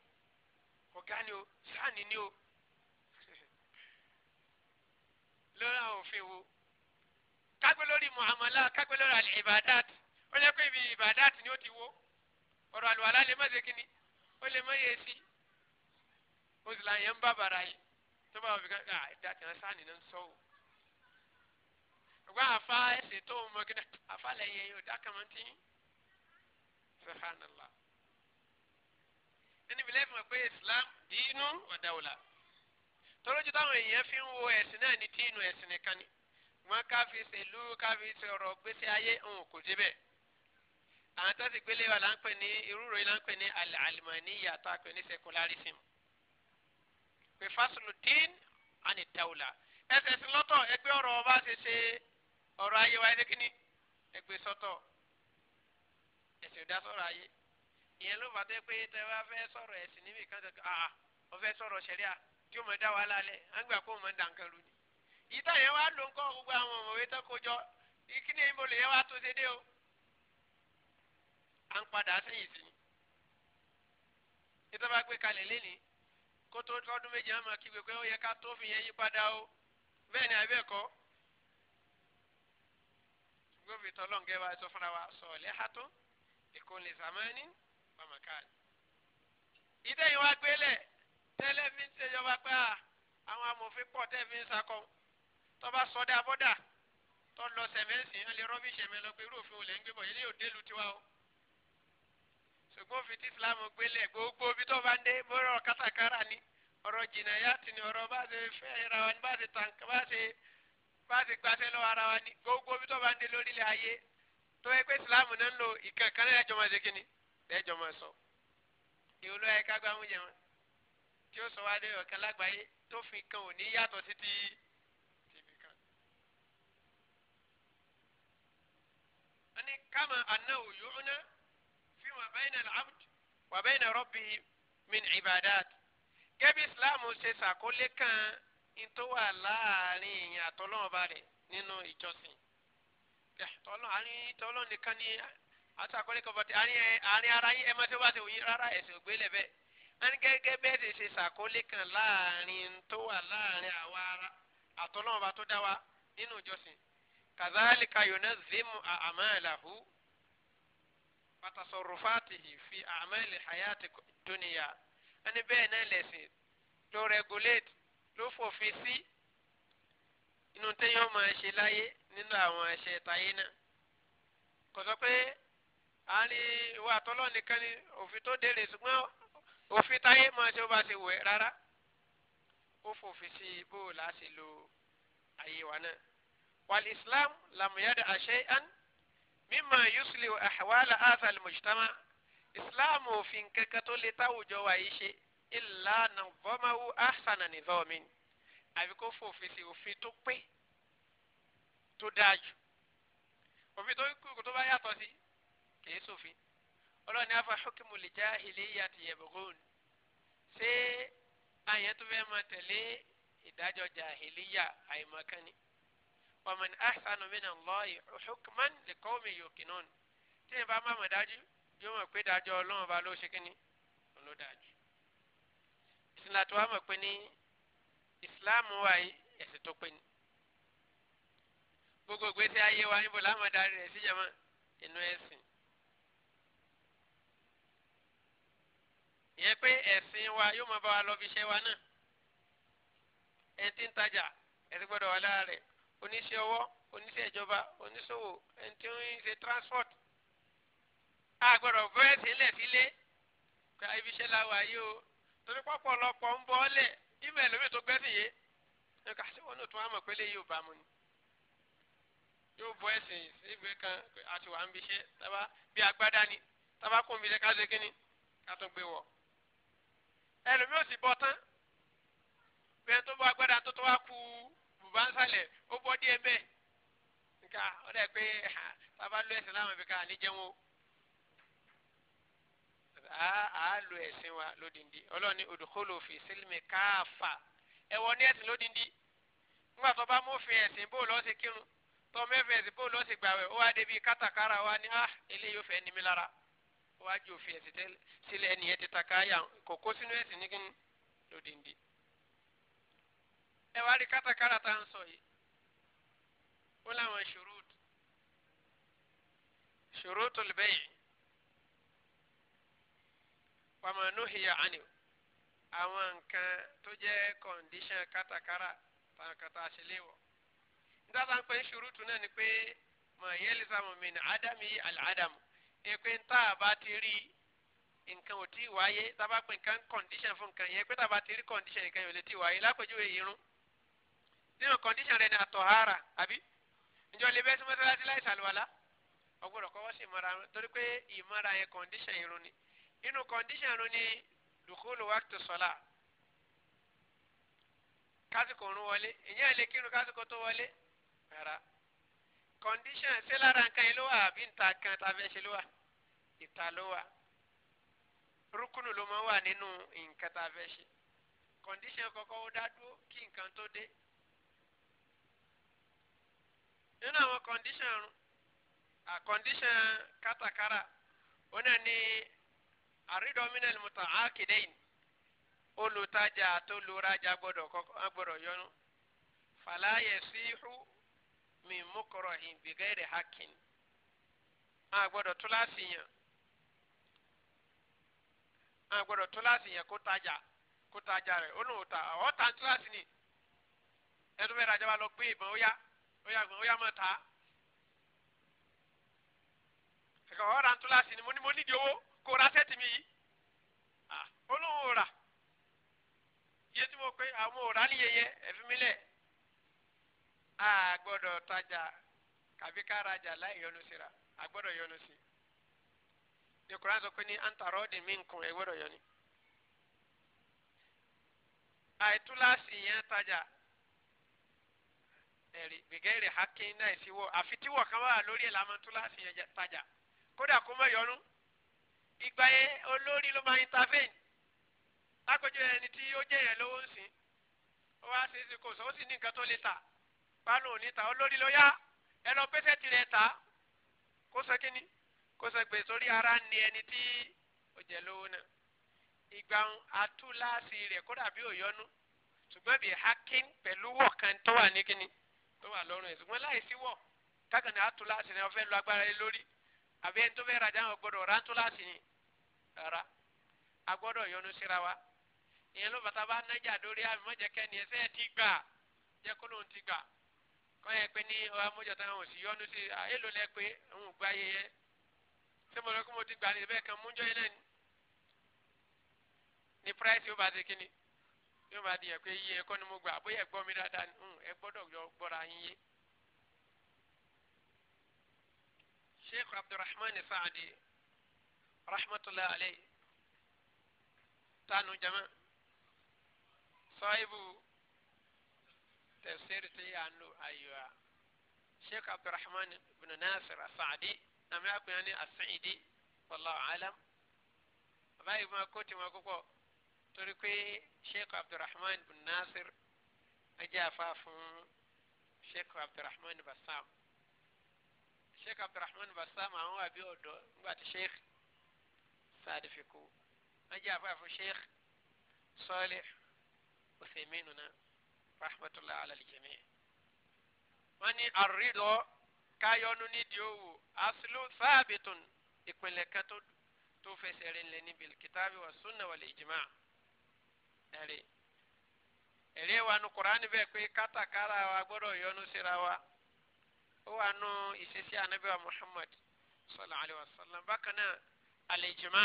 ọ̀gá ni o sáà ni o lórí àwọn òfin wo kágbé lórí muamala kágbé lórí àlè ìbàdàt ó lè pé ibi ìbàdàt ni ó ti wó ọ̀rọ̀ àlùwàlá lè má ṣe kíni ó lè má yẹ sí ó sì láyé ń bá bàrà yìí tó bá wà fi ká ẹ̀dá tí wọ́n sáà nínú sọ o. ọgbọ́n àfa ẹ̀sìn tó mọ kí náà àfa lẹ́yìn ẹ̀yìn ọ̀dà kan máa ń tiyín subhanallah. ẹni bí lẹ́fìn pé Islam dínú wa dawla táwọn èèyàn fi ń wo ẹ̀sìn náà ní tí inú ẹ̀sìn nìkan ni wọn ká fi ṣèlú ká fi sọ̀rọ̀ gbèsè ayé òun kò débẹ̀ àwọn tó ti gbélé wa là ń pè ní irúro yìí là ń pè ní alimaniya tó a pè ní secularism pé fasuludin àni dawla ẹsẹ̀ sí lọ́tọ̀ ẹgbẹ́ ọ̀rọ̀ ọba ṣe ṣe ọ̀rọ̀ ayé wa ẹsẹ̀ kínní ẹgbẹ́ sọ́tọ̀ ẹsẹ̀ ò dá sọ̀rọ̀ ayé ìyẹn ló fàtẹ́ pé tẹ wá fẹ́ sọ̀rọ̀ ẹ̀sìn níbi kan tẹ̀ ọ́ ah, fẹ́ sọ̀rọ̀ ṣẹ̀ríà tí ó mọ̀ dá wàhálà lẹ̀ á kó o mọ̀ ń dà lónìí ìdá yẹn wá ló ń kọ́ gbogbo àwọn ọ̀mọ̀wé tó kójọ ìkíni èyí mo lè yẹn wá tó ṣe dé o à ń padà sẹ́yìn sí ní tó bá gbé kalẹ̀ lẹ́nìí kó tó ọdún méje wọn máa kígbe pé ó yẹ ká tó fi yẹn yí padà o bẹ́ẹ̀ ni àbẹ́ ẹ̀kọ́ gbófin tọ́lọ́ǹgẹ́ wa sọ fúnra wa sọ̀ọ́lẹ́ hàtó èkó lè sàmání pàmàkàlì ìdẹ́yìn wa gbélé tẹ́lẹ̀ fi ń ṣèjọba pé àwọn amòfin pọ̀ tẹ́ fi ń sakọ̀ọ́ tọ́ba sọdá bọ́dà tọ́ lọ sẹ̀mẹ́sì hàn lè rọ́bì sẹ̀mẹ́ lọ pé irú òfin olè ń gbé bọ̀ yẹn yóò dé lu tiwa o. ṣùgbọ́n òfin tí islam gbélé gbogbo bí tọ́ba ń dé bọ́rọ̀ kátàkárà ni ọ̀rọ̀ jìnnàyà ti ni ọ̀rọ̀ bá ṣe fẹ́ ra wa ni bá ṣe tàn bá ṣe bá ṣe gbaṣẹ́ lọ́wọ́ ara wa ni gbogbo bí tọ́ba ń dé lórílẹ̀ ayé tó yẹ pé islam náà ń lo ìkànnì ẹ̀jọ̀ máa ṣe kíni ẹ̀jọ̀ máa sọ ìwúlò ani kama anahu yu'na fi ma bayna al-abd wa bayna rabbihi min ibadat gẹ́bí islamu ṣe ṣàkólé kan ntọ́wà láàrin ìyẹn àtọ́lọ́ọ̀ba rẹ̀ nínú ìjọsìn tọ́lọ́ nìkan ni àtàkọ́lé kan bọ̀tẹ́ àárín ara yín ẹ máa tó bá ti wòye rárá ẹ̀sìn ògbélé bẹ́ẹ̀ ẹni gẹ́gẹ́ bẹ́ẹ̀ ti ṣe ṣàkólé kan láàrin ntọ́wà láàrin àwa àtọ́lọ́ọ̀ba tó dá wa nínú ìjọsìn كذلك ينظم أعماله وتصرفاته في أعمال الحياة الدنيا أنا بين لسي لو ريجوليت لو فوفيسي inú téèyàn máa ṣe láyé nínú àwọn ẹ̀ṣẹ̀ táyé náà kò sọ pé àárín ìwà àtọ́lọ́ nìkan ni òfin tó délé ṣùgbọ́n òfin táyé máa ṣe ó bá ṣe wẹ̀ rárá ó fòfin sí bó o láṣẹ lo ayé wa náà. والإسلام لم يدع شيئا مما يصلح أحوال هذا المجتمع إسلام في كتول توجه وعيشه إلا نظمه أحسن نظام أبيكو فوفيسي وفيتو بي تداج وفيتو كتبا ياتوسي كيسوفي ọlọ́ni afa hukumu lè já ìléyà ti yẹ̀bùgún ṣé àyẹ̀tò fẹ́ máa tẹ̀lé ìdájọ́ jà ومن أحسن من الله حكما لقوم يوقنون tí ìbá má mọ̀ dájú yóò mọ̀ pé dájọ́ ọlọ́run ọba ló ṣe kínní ló dájú. ìsìnlá tó wá mọ̀ pé ní ìsìláàmù wa yìí ẹ̀sìn tó pé ni. gbogbo ìgbésí ayé wa níbo láwọn darí rẹ̀ síjàmọ́ inú ẹ̀sìn. ìyẹn pé ẹ̀sìn wa yóò mọ̀ bá wa lọ fi ṣẹ́ wa náà. ẹni tí ń tajà ẹ̀sìn gbọ́dọ̀ wà lára rẹ̀ oníṣẹ́ ọwọ́ oníṣẹ́ ìjọba oníṣòwò ẹni tí ń ṣe transport àgbọ̀dọ̀ bẹ́ẹ̀ sílẹ̀ sílé gba ibi iṣẹ́ láwa yìí o torí pọ̀pọ̀lọpọ̀ ń bọ́ ọ́lẹ̀ ìmọ̀ ẹlòmíì tó gbẹ́sìn yé ẹ̀ka síwọ́n náà tún wá mọ̀ pé lè yóò bá mu ni yóò bọ́ ẹ̀sìn síbi kan àti wà ń bi iṣẹ́ tábà bí agbádá ni tábà kún mi lẹ́ ká ṣe kínní ká tún gbé wọ̀ ẹlòmíì ò sì bọ́ tán bẹ́ẹ̀ tó bọ́ agbádá tó tó wá kú u bá ń sálẹ̀ ó bọ́ díẹ̀ bẹ́ẹ̀ nka ó dà pé bàbá lu ẹ̀sìn láwọn ibi ká àníjẹ́ wọn a a lu ẹ̀sìn wa lódìndí ọlọ́ọ̀ni udkhulu fi silmi káàfà ẹ̀wọ̀ ní ẹ̀sìn lódìndí ńgbà tó bá mófin ẹ̀sìn bó lọ́ọ́ ṣe kírun tó mẹ́fẹ̀ẹ́ ẹ̀sìn bó lọ́ọ́ ṣe gbàwẹ̀ ó wá débi kátàkárà wa ní ah eléyìí ó fẹ́ ní lára ó wá ju òfin ẹ̀sìn sílẹ̀ ẹnìyẹn ti ta káyà sínú ẹ̀sìn ní lódìndí ẹ wá rí kátàkárà tá à ń sọ yìí ó láwọn ṣurut shurutul bay'i wa ma nuhiya anhu àwọn nǹkan tó jẹ́ kọ̀ǹdíṣàn kátàkárà tàǹkàtà àṣẹléwọ̀ nígbà tá à ń pè ṣurutu náà ni pé ma yalzamu min adami al-adamu èpè tá a bá ti rí nǹkan ò tí ì wáyé tá a bá pè nǹkan kọ̀ǹdíṣàn fún nǹkan yẹn pé tá a bá ti rí kọ̀ǹdíṣàn nǹkan yẹn ò lè tí ì wáyé lápèjúwe irun nínú kọ́ndíṣàn rẹ̀ ní àtọ̀hárà àbí ǹjọ́ lè bẹ́ẹ̀ sí mọ́sálásí láì sàlùwàlá ọgbọ́dọ̀ kọ́kọ́ sí ìmọ̀ra torí pé ìmọ̀ra yẹn kọ́ndíṣàn irun ni nínú kọ́ndíṣàn irun ni dùkúlù wákìtì sọ́lá kásìkò òrùn wọlé ìyẹn lè kírun kásìkò tó wọlé rárá kọ́ndíṣàn ṣé lára nǹkan yẹn ló wà àbí ìta kan tàbí ẹ̀ṣẹ̀ ló wà ìta ló wà rúkúnù ló máa wà nínú nǹkan tàbí ẹ̀ṣẹ̀ kọ́ndíṣàn kọ́kọ́ ó dá dúró kí nǹkan tó dé nínú àwọn kọndíṣàn ọrùn àkọndíṣàn kátàkárà ó náà ní àrídọ́mínẹ́lì mọ́tò ákìdẹ́yìn olùtajà tó lórajà gbọ́dọ̀ kọ́kọ́ gbọ́dọ̀ yọnu fàlàyé síhú mi mọ́kọ̀rọ̀ ìgbẹ́gẹ́rẹ́ hakin a gbọ́dọ̀ tó láti yàn a gbọ́dọ̀ tó láti yàn kó tajà kó tajà rẹ̀ ó lóun ta ọ̀ ta tó láti ni ẹ̀dùnmẹ́rẹ́ ajá wa lọ gbé ìbọn ó yá ó oya gbọ́n ó yà máa ta ẹ̀kọ́ ọ̀rà ń tó ni mo ní mo nídìí owó kó ra sẹ́ẹ̀tì mi yìí olóhùn ò rà iye tí mo pé àwọn ò rà níyẹyẹ ẹ̀fí mi lẹ̀ a gbọ́dọ̀ tajà kàbí ká rajà láì yọnu síra a gbọ́dọ̀ yọnu sí ní kuran sọ pé ní antarọ́ọ̀dì mi nǹkan ẹ̀ gbọ́dọ̀ yọnu àìtúláàsì yẹn tajà ẹ̀rí gbẹ̀gẹ́rì hakin náà ìṣíwọ́ àfi tíwọ̀ kan wà lórí ẹ̀ lamọ́tún láti yẹn tajà kódà kó mọ̀ yọnu ìgbà yẹn olórí ló máa intervene lápẹjọ ẹni tí ó jẹ́ yẹn lówó ń sìn ó wá sí ìsìnkò sọ ó sì ní nǹkan tó lè tà pálọ̀ ò ní tà olórí ló yá ẹ lọ pẹ́sẹ́ tirẹ̀ tà kó sọ kínní kó sọ gbèsè orí ara ni ẹni tí ó jẹ́ lówó náà ìgbà atúláàsì rẹ̀ kódà bí ò yọnu ṣùgbọ́n bí hakin pẹ̀lú wọ̀kan tó wà ní kínní tó wà lọ́rùn ẹ̀ ṣùgbọ́n láì síwọ̀ kákànnì àtúláṣì ni wọ́n fẹ́ lo agbára yẹn lórí àbí ẹni tó fẹ́ rajà wọn gbọ́dọ̀ rà ńtúláṣì ni rárá a gbọ́dọ̀ yọnu síra wa ìyẹn ló bàtà bá nájà lórí àmì mọ́jẹ̀kẹ́ ni ẹsẹ̀ ti gbà jẹ́ kó lóun ti gbà kọ́ yẹn pé ní ọ̀rọ̀ amójọta wọn ò sì yọnu sí èlò lẹ pé òun ò gbá ṣé mo lọ kó mo ti gbà ní ìbẹ́ kan múnjọ́ yẹn náà ni price yóò bá ti kíni yóò bá di yẹ pé iye ẹ̀kọ́ ni mo gbà bóyá ẹ̀gbọ́n mi dáadáa ni ẹ gbọ́dọ̀ yọ gbọ́ra yín yé. sheikh abdulrahman saadi rahmatulah alayhi tanu jama sahibu tafsir ti anu ayiwa sheikh abdulrahman ibn nasir saadi àmì àkùnyàn ní asẹ́yìndì wallahu alam báyìí máa kó tiwọn kókó torí pé sheikh abdulrahman ibn nasir ẹjẹ afa fún sheikh abdulrahman bassam sheikh abdulrahman bassam àwọn àbí ọdọ nígbà tí sheikh saadi fi kú ẹjẹ afa fún sheikh salih uthaymin na rahmatulah alalijami wọn ní àrídọ káyọnu nídìí owó aslu sábìtún ìpínlẹ̀ kan tó fẹsẹ̀ rìn lẹ́ni bil kitabi wa sunna wal ijma ẹ̀rí ẹ̀rí wa nu Kùránì bẹ́ẹ̀ pé kátàkárà wa gbọ́dọ̀ yọnu síra wa ó wà nù ìṣesí Ànábì wa Muhammad sallallahu alayhi wa sallam bákan náà al-ijma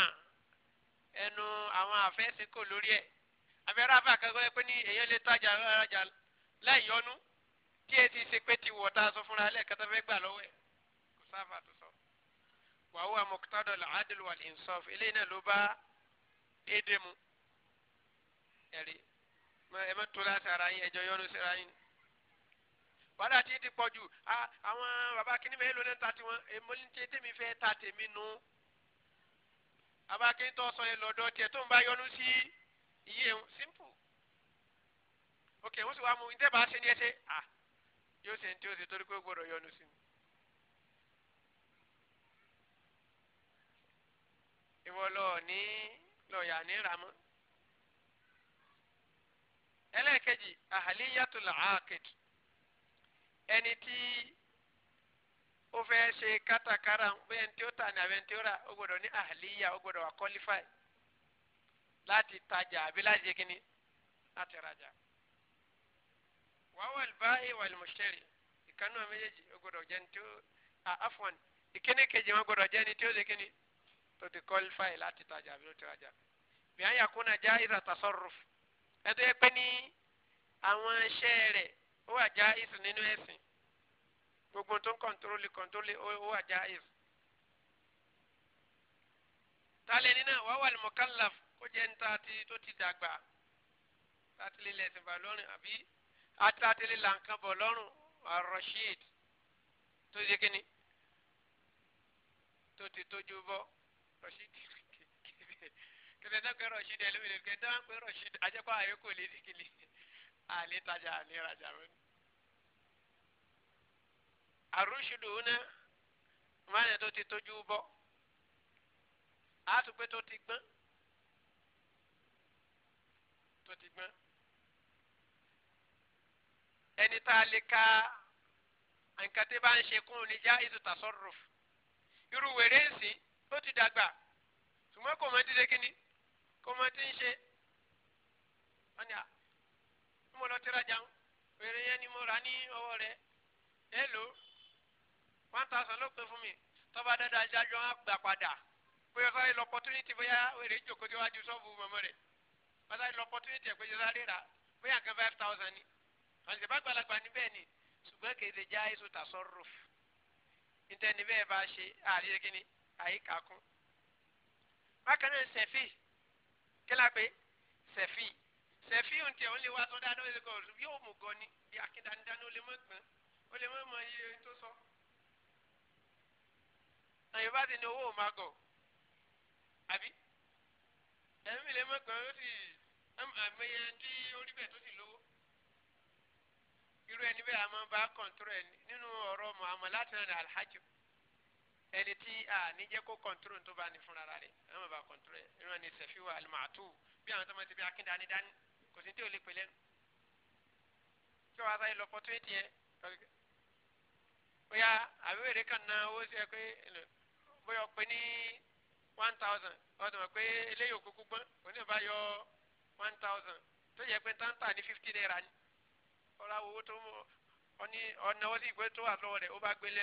ẹnu àwọn àfẹ́sí kò lórí ẹ̀ abẹ́rẹ́ afa akẹ́kọ̀ọ́ pé ní èyàn lè tajà rajà láì yọnu tí e ti ṣe pé ti wọ̀ tá a sọ fúnra lẹ́ẹ̀kan tó fẹ́ gbà lọ́wọ́ ẹ̀ kò sáfà tó sọ. wa huwa muqtada al-adl wal-insaf eléyìí náà ló bá déédéé mu ẹ̀rí ẹ má tó láti ara yín ẹjọ yọnu síra yín wàhálà tí ti pọ̀ jù àwọn bàbá kìíní bẹ́ẹ̀ lónìí ta tiwọn èmọ́lì tí tèmi fẹ́ ta tèmi nù bàbá kìíní tó sọ yẹn lọ́dọ̀ tiẹ̀ tó ń bá yọnu sí iye ń simple ok wọ́n sì wá mú ǹjẹ́ bá a ṣe ni ẹ ṣe à yóò ṣe tí ó ṣe torí pé ó gbọ́dọ̀ yọnu sí mi. ìwọ lọ ní lọ́ọ̀yà ní ramọ́ ẹlẹ́ẹ̀kejì ahaliyatul aakid ẹni tí ó fẹ́ ṣe kátàkárà bẹ́ẹ̀ ní tí ó tà ní abẹ́ni tí ó rà ó gbọ́dọ̀ ní ahaliya ó gbọ́dọ̀ wà qualify láti tajà àbí láti ṣe kínní láti rajà. wàá wàlúbá ìwàlú mọ̀ṣẹ́rì ìkànnì àwọn méjèèjì ó gbọ́dọ̀ jẹ́ ní tí ó àfọ̀n ìkíní kejì wọn gbọ́dọ̀ jẹ́ ní tí ó ṣe kínní tó ti qualify láti tajà àbí láti rajà. bí ẹtọ́ yẹ pé ní àwọn iṣẹ́ rẹ̀ ó wà já ìsù nínú ẹ̀sìn gbogbo tó ń kọ̀ǹtólì kọ̀ǹtólì ó wà já ìsù. tálẹ̀ nínú àwọn wà lùmọ̀kànláf kó jẹ́ ní tààtì tó ti dàgbà tààtìlẹ̀ lẹ́sìn bà lọ́rùn àbí àtàtìlẹ̀ làǹkan bọ̀ lọ́rùn àròṣìd tó yẹ kíni tó ti tójú bọ́ rọ̀ṣìd kẹfẹ náà pé rọṣídẹ lómi lè kẹ náà pé rọṣídẹ ajẹpọ àyè kò lè dìkìlì àlè tajà àlè rajà lónìí. àrùṣùdù náà máa yẹn tó ti tójú bọ́ àtúpẹ́ tó ti gbọ́n tó ti gbọ́n ẹni tá a lè ka nǹkan tí bá ń ṣe kún un ní já ìtútà sọ̀rọ̀ irú wèrè ń sìn ó ti dàgbà ṣùgbọ́n kò mọ dídé kínní kò mọ tí ń ṣe wọn ni à ń mọ lọ tírajà ń wèrè yẹn ni mo rà ní ọwọ́ rẹ̀ ẹ lò ó one thousand ló pè fún mi tọ́ba dáadáa jájọ́ á gbà padà pé ọ̀sán yìí lọ́pọ̀túnìtì bóyá wèrè ìjòkó tí wọ́n á ju sọ́ọ̀bù mọ́mọ́ rẹ̀ ọ̀sán yìí lọ́pọ̀túnìtì ẹ̀ pé jọ́sá lè rà bóyá nǹkan five thousand ni ọ̀sẹ̀ bá gbàlagbà níbẹ̀ ni ṣùgbọ́n kèdè já èso tà sọ́rọ̀ níta ni bẹ́ẹ̀ bá ṣe àríyé kínní àyíká kún. bákan náà sẹ̀fì Kila pe, sẹ̀fì sẹ̀fì ń tẹ̀ ó lè wá tó dáadáa ó lè kọ́ yóò mú gan ni bí akíndanidani ó lè mọ̀ gbọ́n ó lè mọ̀ mọ iye tó sọ. àyè bá ti ní owó máa gọ̀ àbí ẹ̀mí lè mọ̀ gbọ́n ó sì àmọye tí ó rí bẹ́ẹ̀ tó sì lówó. irú ẹni bẹ́ẹ̀ a máa bá kọ̀ǹtúrọ̀ ẹni nínú ọ̀rọ̀ mọ̀ àmọ́ láti náà ní alhaji ẹni tí a níjẹ́ kó kọ̀ǹtúrò tó bá ní fúnra rẹ̀ ẹ̀ má bàa kọ̀ǹtúrò ẹ̀ ẹ̀ ní sẹ̀fíwá alimatu bí àwọn tó máa ti bí akíndani dání kò sí tí ò lè pè lẹ́nu tí wàá sáyé lọ́pọ̀ tó tiẹ̀ bóyá àbẹ̀wẹ̀rẹ̀ kan náà ó ṣe pé bóyá ọ̀pẹ ní one thousand ọ̀dọ̀ mọ̀ pé eléyìí òkúkú gbọ́n òní ìbá yọ one thousand tó yẹ pé táǹtà ní fifty naira ni ọ̀rọ̀ àwọn owó tó mọ̀ ọ́ ní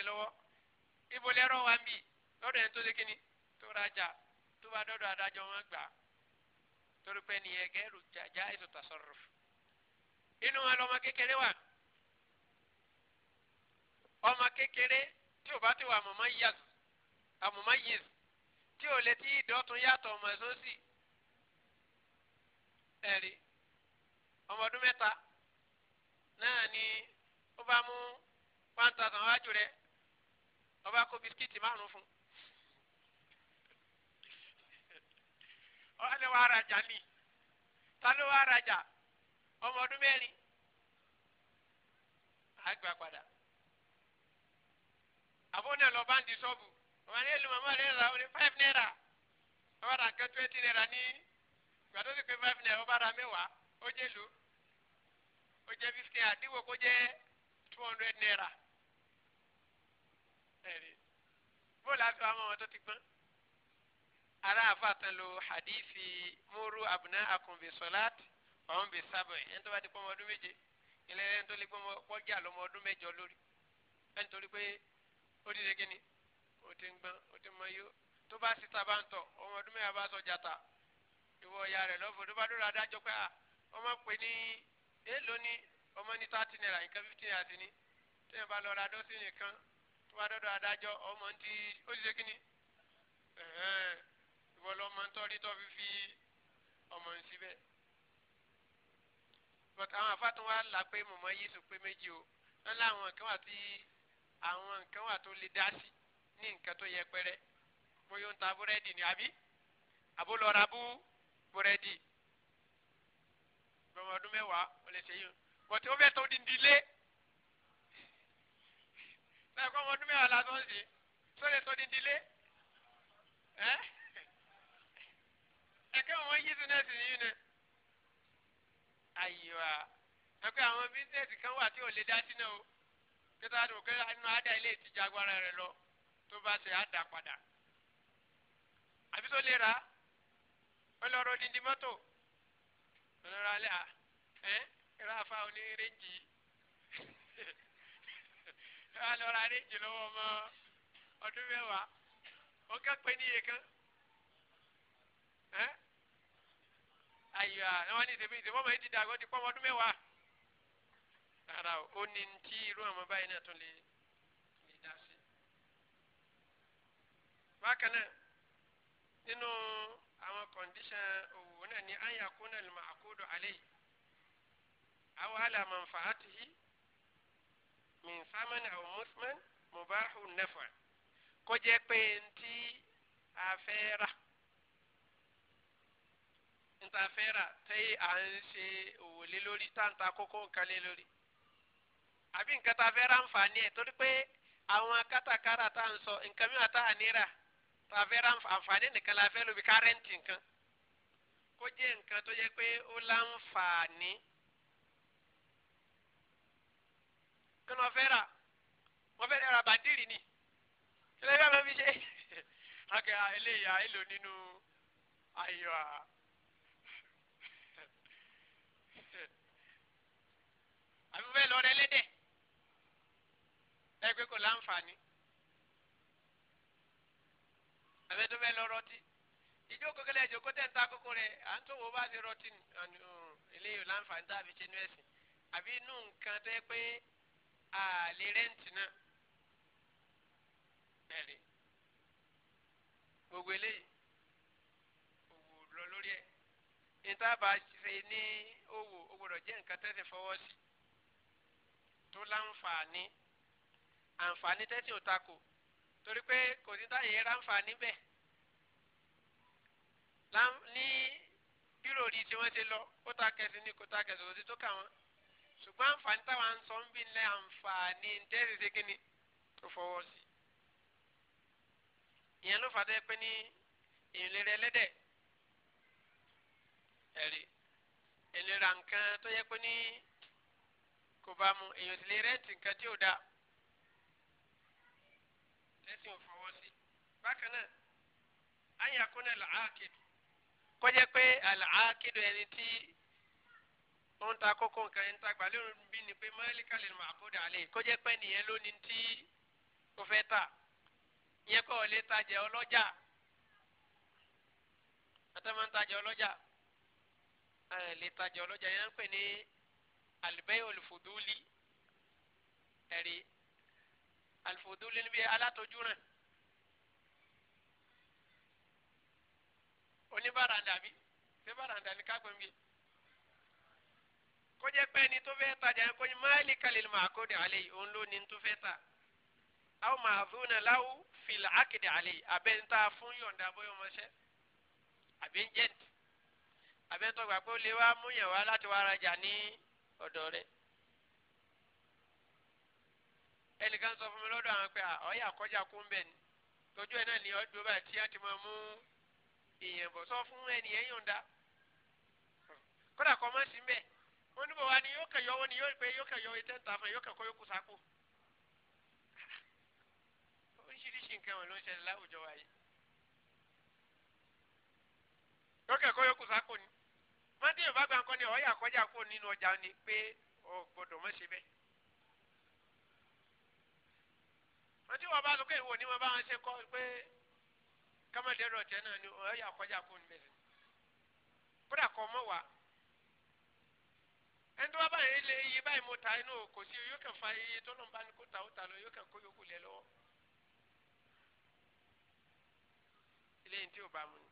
ọ̀nà ìbòlẹ́rọ̀ wa ń bì lọ́dọ̀ ẹni tó ṣe kíni tó rajà tó bá dọ́dọ̀ adájọ́ wọn gbà torí pé ni ẹgẹ́rù jàjà ètò tasarruf inú wọn lọmọ kékeré wà ọmọ kékeré tí o bá ti wà mọ̀mọ́ yíyàtọ̀ àmọ̀mọ́ yíyàtọ̀ tí o lè ti dọ́tun yàtọ̀ ọmọ ẹ̀sán sí ẹ̀rí ọmọ ọdún mẹ́ta náà ni ó bá mú one thousand wájú rẹ̀ ọba kó bisikíìtì márùn fún ọlẹ́ wàá rajà ní ta ló wàá rajà ọmọ ọdún mẹ́rin àgbà padà àbọ̀nà lọ báńdì sọ́ọ̀bù ọmọ ní èlò màmá rẹ̀ rà ó ní five naira ọba rà nǹkan twenty naira ní ìgbà tó ti pé five naira ọba rà mẹ́wàá ó jẹ́ lò ó jẹ́ fifteen àdínwó kó jẹ́ two hundred naira ẹ̀rí bóòlù àti àwọn ọmọ tó ti gbọ́n ara àfàtàn lo hadithi múrú abùnà àkùnbí sọláàtì ọ̀hún bí sábẹ̀ ẹni tó bá ti pọ́ ọmọ ọdún méje ilé ẹni tó lè pọ́ ọmọ pọ́jà lọ́mọ ọdún mẹ́jọ lórí ẹni torí pé ó dìde kíni ó ti ń gbọ́n ó ti mọ yó tó bá síta bá ń tọ̀ ọmọ ọdún mẹ́wàá bá sọ jata ìwọ ìyá rẹ̀ lọ́fọ̀ tó bá dúró adájọ́ pé ọmọ pè ní èèlò ní ọmọ ní thirty naira nǹkan fifty naira sí ni tí wọ́n bá lọ ra wá dọ́dọ̀ adájọ́ ọmọ ntí ó ti ṣe kí ni ìwọ lọ́mọ ntọ́rí tọ́ fífi ọmọ nsí bẹ́ẹ̀. bọ́t àwọn afáàtún wa là pé mọ̀mọ́ yìí sùn pé méjì o wọ́n láwọn nǹkan wà tí àwọn nǹkan wà tó lè dá sí ní nǹkan tó yẹ pẹrẹ bóyá ń ta búrẹ́dì ni àbí àbólọ́ra bú búrẹ́dì gbọmọdún mẹ́wàá ó yìí bọ́t ó fẹ́ tó di ndílé bẹ́ẹ̀ kọ́ ọmọ ọdún mẹ́wàá la tó ń ṣe sóde tó di dilé ẹ́ ẹ̀kẹ́ wọn yí bísínẹ́sì yìí ni ayiwa ẹ̀kọ́ àwọn bísínẹ́sì kan wà tí ò lè dá sí náà o kíta àdùn kí inú àdá ilé ìtìjà agbára rẹ lọ tó bá ṣe àdá padà àbí tó lè rà ó lọ rọ dindi mọ́tò lọ́rọ́ alẹ́ à ẹ́ ìrọ̀ àfa oní rẹ́ǹjì. ẹ wá lọ ra rédíò lọ́wọ́ ọmọ ọdún mẹ́wàá ó kẹ́ pé níye kan ẹ́ ayiwa wọn ní ìdèmí ìdèmí ọmọ yìí ti dàgbọ́ ti pọ́ ọmọ ọdún mẹ́wàá rárá o ó ní ti irú àwọn báyìí náà tún lè lè dá sí. bákan náà nínú àwọn kọ̀ǹdíṣàn òwò náà ni àyàkú náà lè máa kó dọ̀ àlẹ́ yìí àwọn àlàmọ̀ nfààtì yìí min saman aw musman mubahu nafa kó jẹ́ a ntí afẹ́ra nta fẹ́ra tẹ́yì à ń ṣe lori lé ta kókó nǹkan lé lórí àbí nǹkan tá a fẹ́ ra nfààní ẹ̀ torí pé àwọn kátàkárà tá à ń sọ nǹkan ta tá à níra tá a fẹ́ ra àǹfààní nìkan la fẹ́ lóbi kárẹ́ǹtì nǹkan kó jẹ́ nǹkan tó yẹ pé ó kí wọ́n fẹ́ rà wọ́n fẹ́ ra bàndìrì ni kí ló yẹ kí wọ́n fi ṣe akẹ́ eléyà èlò nínú ayọ̀ à. àbí bẹ́ẹ̀ lọ́ọ́ rẹ lédè ẹgbẹ́ kò láǹfààní àbẹ́ tó bẹ́ẹ̀ lọ́ọ́ rọtí ìjó kékeré ẹ̀jọ̀ kó tẹ̀sán àkókò rẹ̀ à ń tó wo bá ti rọtí eléyìí láǹfààní tá a fi ṣe nú ẹ̀sìn àbí inú nǹkan tó pé àlè rẹ́ǹtì náà bẹ̀rẹ̀ gbogbo eléyìí òwò lọ lórí ẹ̀ ìtàbà ṣe ní òwò ó gbọ́dọ̀ jẹ́ nǹkan tẹ́sẹ̀ fọwọ́ sí tó láǹfààní àǹfààní tẹ́sí ò takò torí pé kò sí táyé ráǹfààní bẹ́ẹ̀ ní bírò rí tí wọ́n ti lọ ó ta kẹsì ní kò ta kẹsì kò sí tó kà wọ́n ṣùgbọ́n àǹfààní táwọn ń sọ ń bí nílẹ̀ àǹfààní tẹ́síṣe kí ni tó fọwọ́ sí. ìyẹn ló fàdé pé ní ìlera ẹlẹ́dẹ̀ ẹ̀rí ìlera nǹkan tó yẹ pé ní kò bá mu èèyàn sì lè rẹ́ǹtì nǹkan tí ò da tẹ́sí ò fọwọ́ sí. bákan náà ayakuna làákìdù kọjá pé làákìdù ẹni tí ó ń ta kókó nǹkan yẹn ń ta gbàlérò bí ni pé mọ́lẹ́kàlẹ́ ni màá kó dà lé kó jẹ́ pé nìyẹn lónìí tí ó fẹ́ tà ìyẹn kọ́ ọ̀lẹ́ tajà ọlọ́jà àtàwọn ń tajà ọlọ́jà ẹ̀ẹ́lẹ́ tajà ọlọ́jà yẹn ń pè ní alibẹ́yẹ olùfòdúlì ẹ̀rí alùfòdúlì níbi alátojú rẹ̀ oníbàràǹdà bí ṣé bàràǹdà ni ká gbọ́n bíi kọjá pé ẹni tó fẹ́ tajà ń kọjú máìlì kalẹ̀ máa kó de àlẹ́ yìí òun ló ní tó fẹ́ ta àwọn máa fún un láwù fìlà ákèdè àlẹ́ yìí abẹ́ ń ta fún yọ̀ǹda bóyá ọmọ ṣẹ́ àbí ń jẹ́ǹtì abẹ́ tó gbà pé ó lè wá mú yàn wá láti wá rajà ní ọ̀dọ̀ rẹ̀ ẹnìkan sọ fún mi lọ́dọ̀ àwọn pé ọ̀yà kọjá kún bẹ́ẹ̀ ni lójú ẹ̀ náà ni ọdún báyìí tí ti máa mú èèyàn sọ fún ẹnìyẹn yọ̀ǹda kódà kọ́ mọ́ sí bẹ́ẹ̀ oníbò wa ni yóò kẹ yọ wọn ni yóò pé yóò kẹ yọ etí ẹta fún yóò kẹ kọ yóò kú sáko oríṣiríṣi nǹkan wọn ló ń ṣẹlẹ̀ láwùjọ wa yìí yóò kẹ kọ yóò kú sáko ni mọ́tí yorùbá gba nǹkan ni ọ̀yà kọjá kó nínú ọjà ni pé o gbọ́dọ̀ mọ̀ ṣe bẹ́ẹ̀. mọ́tí wọ́n bá lókè ìwò ni wọ́n bá wọn ṣe kọ́ pé kámẹ́dẹ́rọ̀ tẹ́ náà ni ọ̀yà kọjá kó níbẹ̀. kódà kọ́ mọ́ wàá ẹni tó bá báyìí lé iye báyìí mo ta inú kò sí yóò kàn fa iye tó lọ́nba ni kó ta ó ta lọ yóò kàn kó yókù lẹ lọ́wọ́. ilé yìí tí ò bá mu ni.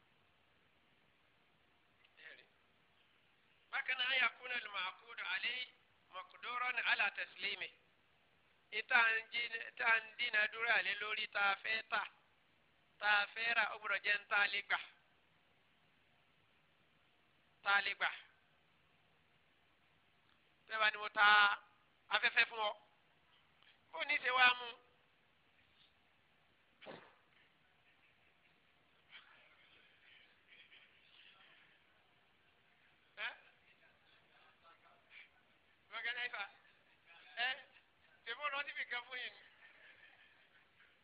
bákan náà ayà kúnlẹ̀ lè máa kú dùn àlẹ́ mọ̀kúdọ́rọ́ ní àlà tẹ̀sílẹ̀mẹ̀. ìta ń àlẹ́ lórí tá fẹ́ ta tá fẹ́ ra ó jẹ́ ń tá lè gbà tá lè gbà bẹ́ẹ̀ bá ní mo ta afẹ́fẹ́ fún ọ bó ní ṣe wá mú. tèmó lọ níbi kan fún yìí ni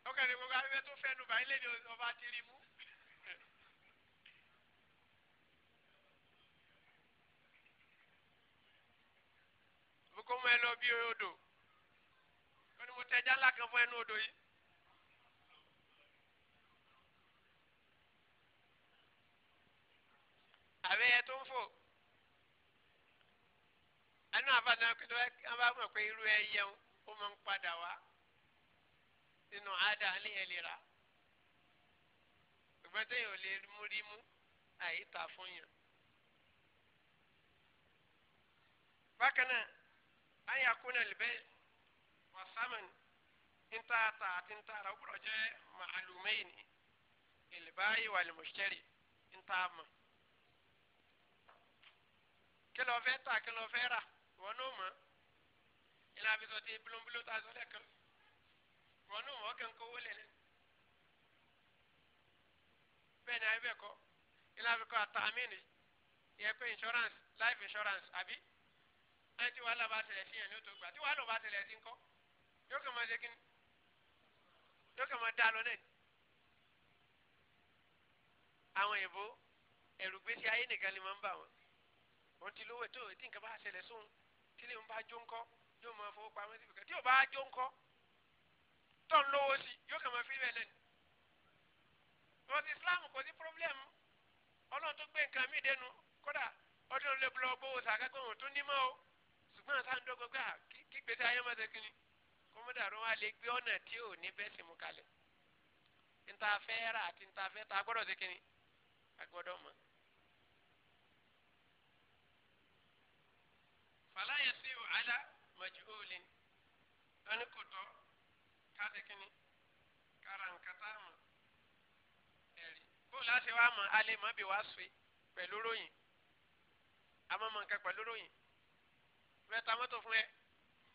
ó kẹ́ni gbogbo abẹ́fẹ́ tó fẹ́ nu báyìí lé ní ọba tìrì mú. kó mọ ẹ lọ bí odò ó ní mo tẹ ẹja ńlá kan fún ẹnu odò yìí. àbẹ́yẹ tó ń fò ẹnu àbàdàn akitọ́ ẹ bá mọ̀ pé irú ẹ yẹun ó máa ń padà wá nínú àdá àléyẹ ìgbọ́n tó yàn lè mú rí mú àyíká fún yàn. bákan náà ayé akúnlẹ̀ lẹ́bẹ̀ wà sámẹ́n ntaata àti ntaara ó gbọ́dọ̀ jẹ́ màálùmẹ́yìn ìlbáyé wà lẹ́mọ̀ṣẹ́rì ntaama kí ló fẹ́ ta kí ló fẹ́ rà wọn n'o mọ̀ ilé abisọ ti bulonbulo ta sọlẹ̀ kan wọn n'o mọ̀ ọkẹ́ nkowó lẹ́lẹ́ bẹ́ẹ̀ ni ayé bẹ́ẹ̀ kọ́ ilé abisọ àtàmì ni yẹ pé insurance life insurance àbí ẹ tí wàhálà bá tẹ̀lẹ̀ sí yẹn ní o tó gbà tí wàhálà bá tẹ̀lẹ̀ sí ńkọ́ yóò kàn máa ṣe kí ni yóò kàn máa dá lọ náà ni. àwọn òyìnbó ẹ̀rù gbèsè ayé nìkan lè máa ń bà wọ́n wọ́n ti lówó tó tí nǹkan bá ṣẹlẹ̀ sóhun tí lè ń bá jó ńkọ́ yóò máa fowó pamọ́ síbi kan tí ò bá jó ńkọ́ tó ń lówó sí yóò kàn máa fi bẹ́ẹ̀ lẹ́nu. wọ́n ti Islam kò sí pọ́blẹ́mù ọlọ́run tó gbé nǹkan mí dẹnu kódà ọdún olóògbé lọ gbówó sàkágbóhùn tó ní mọ́ ṣùgbọ́n àṣà ń dọ́gbọ́n pé kí gbèsè ayé máa tẹ́kí ni kọ́mọ́dà ló wà lè gbé ọ̀nà tí ò ní bẹ́ẹ̀ sì mú kalẹ̀ níta fẹ́ rà àti níta fẹ́ ta gbọ́dọ̀ tẹ́kí ni agbọ́dọ̀ mọ́. fàlàyé sí ò àlà màjú òòlì ẹni kò tọ́ ká tẹ́kí ni kára nǹkan tá a mọ̀ ẹ̀rí bóòlù àti wàá mọ̀ alẹ́ mọ̀ bí wàá sùn pẹ̀lú ròyìn amọ̀mọ̀ nǹkan pẹ̀lú ròyìn fẹ́ ta mọ́tò fún ẹ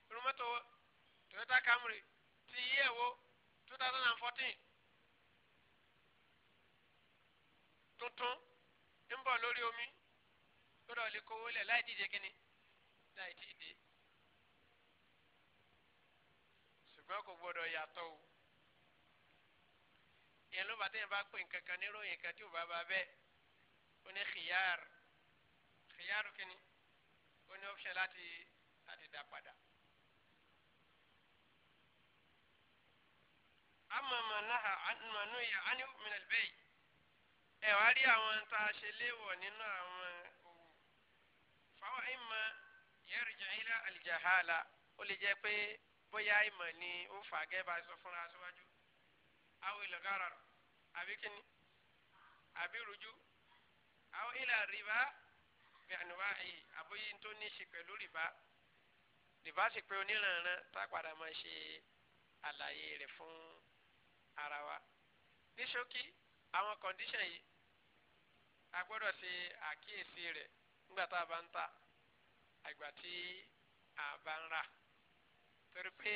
irú mọ́tò wo Toyota Camry ti yí ẹ̀ wo two thousand and fourteen tuntun ń bọ̀ lórí omi gbọ́dọ̀ lè kówó lẹ̀ láì díje kínní láì díje ṣùgbọ́n kò gbọ́dọ̀ yàtọ̀ o ìyẹn ló bàtẹ́ yẹn bá pè nǹkan kan níròyìn kan tí ò bá ba bẹ́ẹ̀ ó ní xiyar xiyar kínní ó ní option láti láti dá padà. amọ̀mọ̀ náà ànúmọ̀nú yà á ní òmìnira bẹ́ẹ̀ ẹ̀ wá rí àwọn tá a ṣe léwọ̀ nínú àwọn òwò fáwọn ìmọ̀ yẹ́rìjà ilá àlìjàhálà ó lè jẹ́ pé bóyá ìmọ̀ ni ó fà gẹ́gẹ́ bá a sọ fúnra síwájú àwọn ìlọ̀gára àbí kíni àbí rújú àwọn ìlà rìbá bí ànúwà aboyi àbóyí tó ní ṣe pẹ̀lú rìbá rìbá sì pé oníranran tá a padà máa ṣe àlàyé rẹ̀ fún ara wa ní ṣókí àwọn kọ̀ǹdíṣàn yìí a gbọ́dọ̀ ṣe àkíyèsí rẹ̀ nígbà tá a bá ń ta àgbà tí a bá ń rà torí pé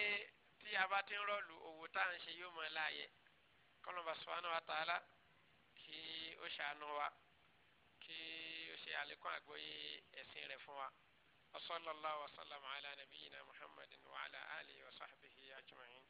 tí a bá ti ń rọ́ọ̀lù òwò tá à ń ṣe yóò mọ láàyè kọ́nà bá subhanahu wa ta'ala kí ó ṣàánú wa ṣe àlékún àgbọ́yé ẹ̀sìn rẹ̀ fún wa wa sallallahu wa sallam ala nabiyina muhammadin wa ala alihi wa sahbihi ajma'in.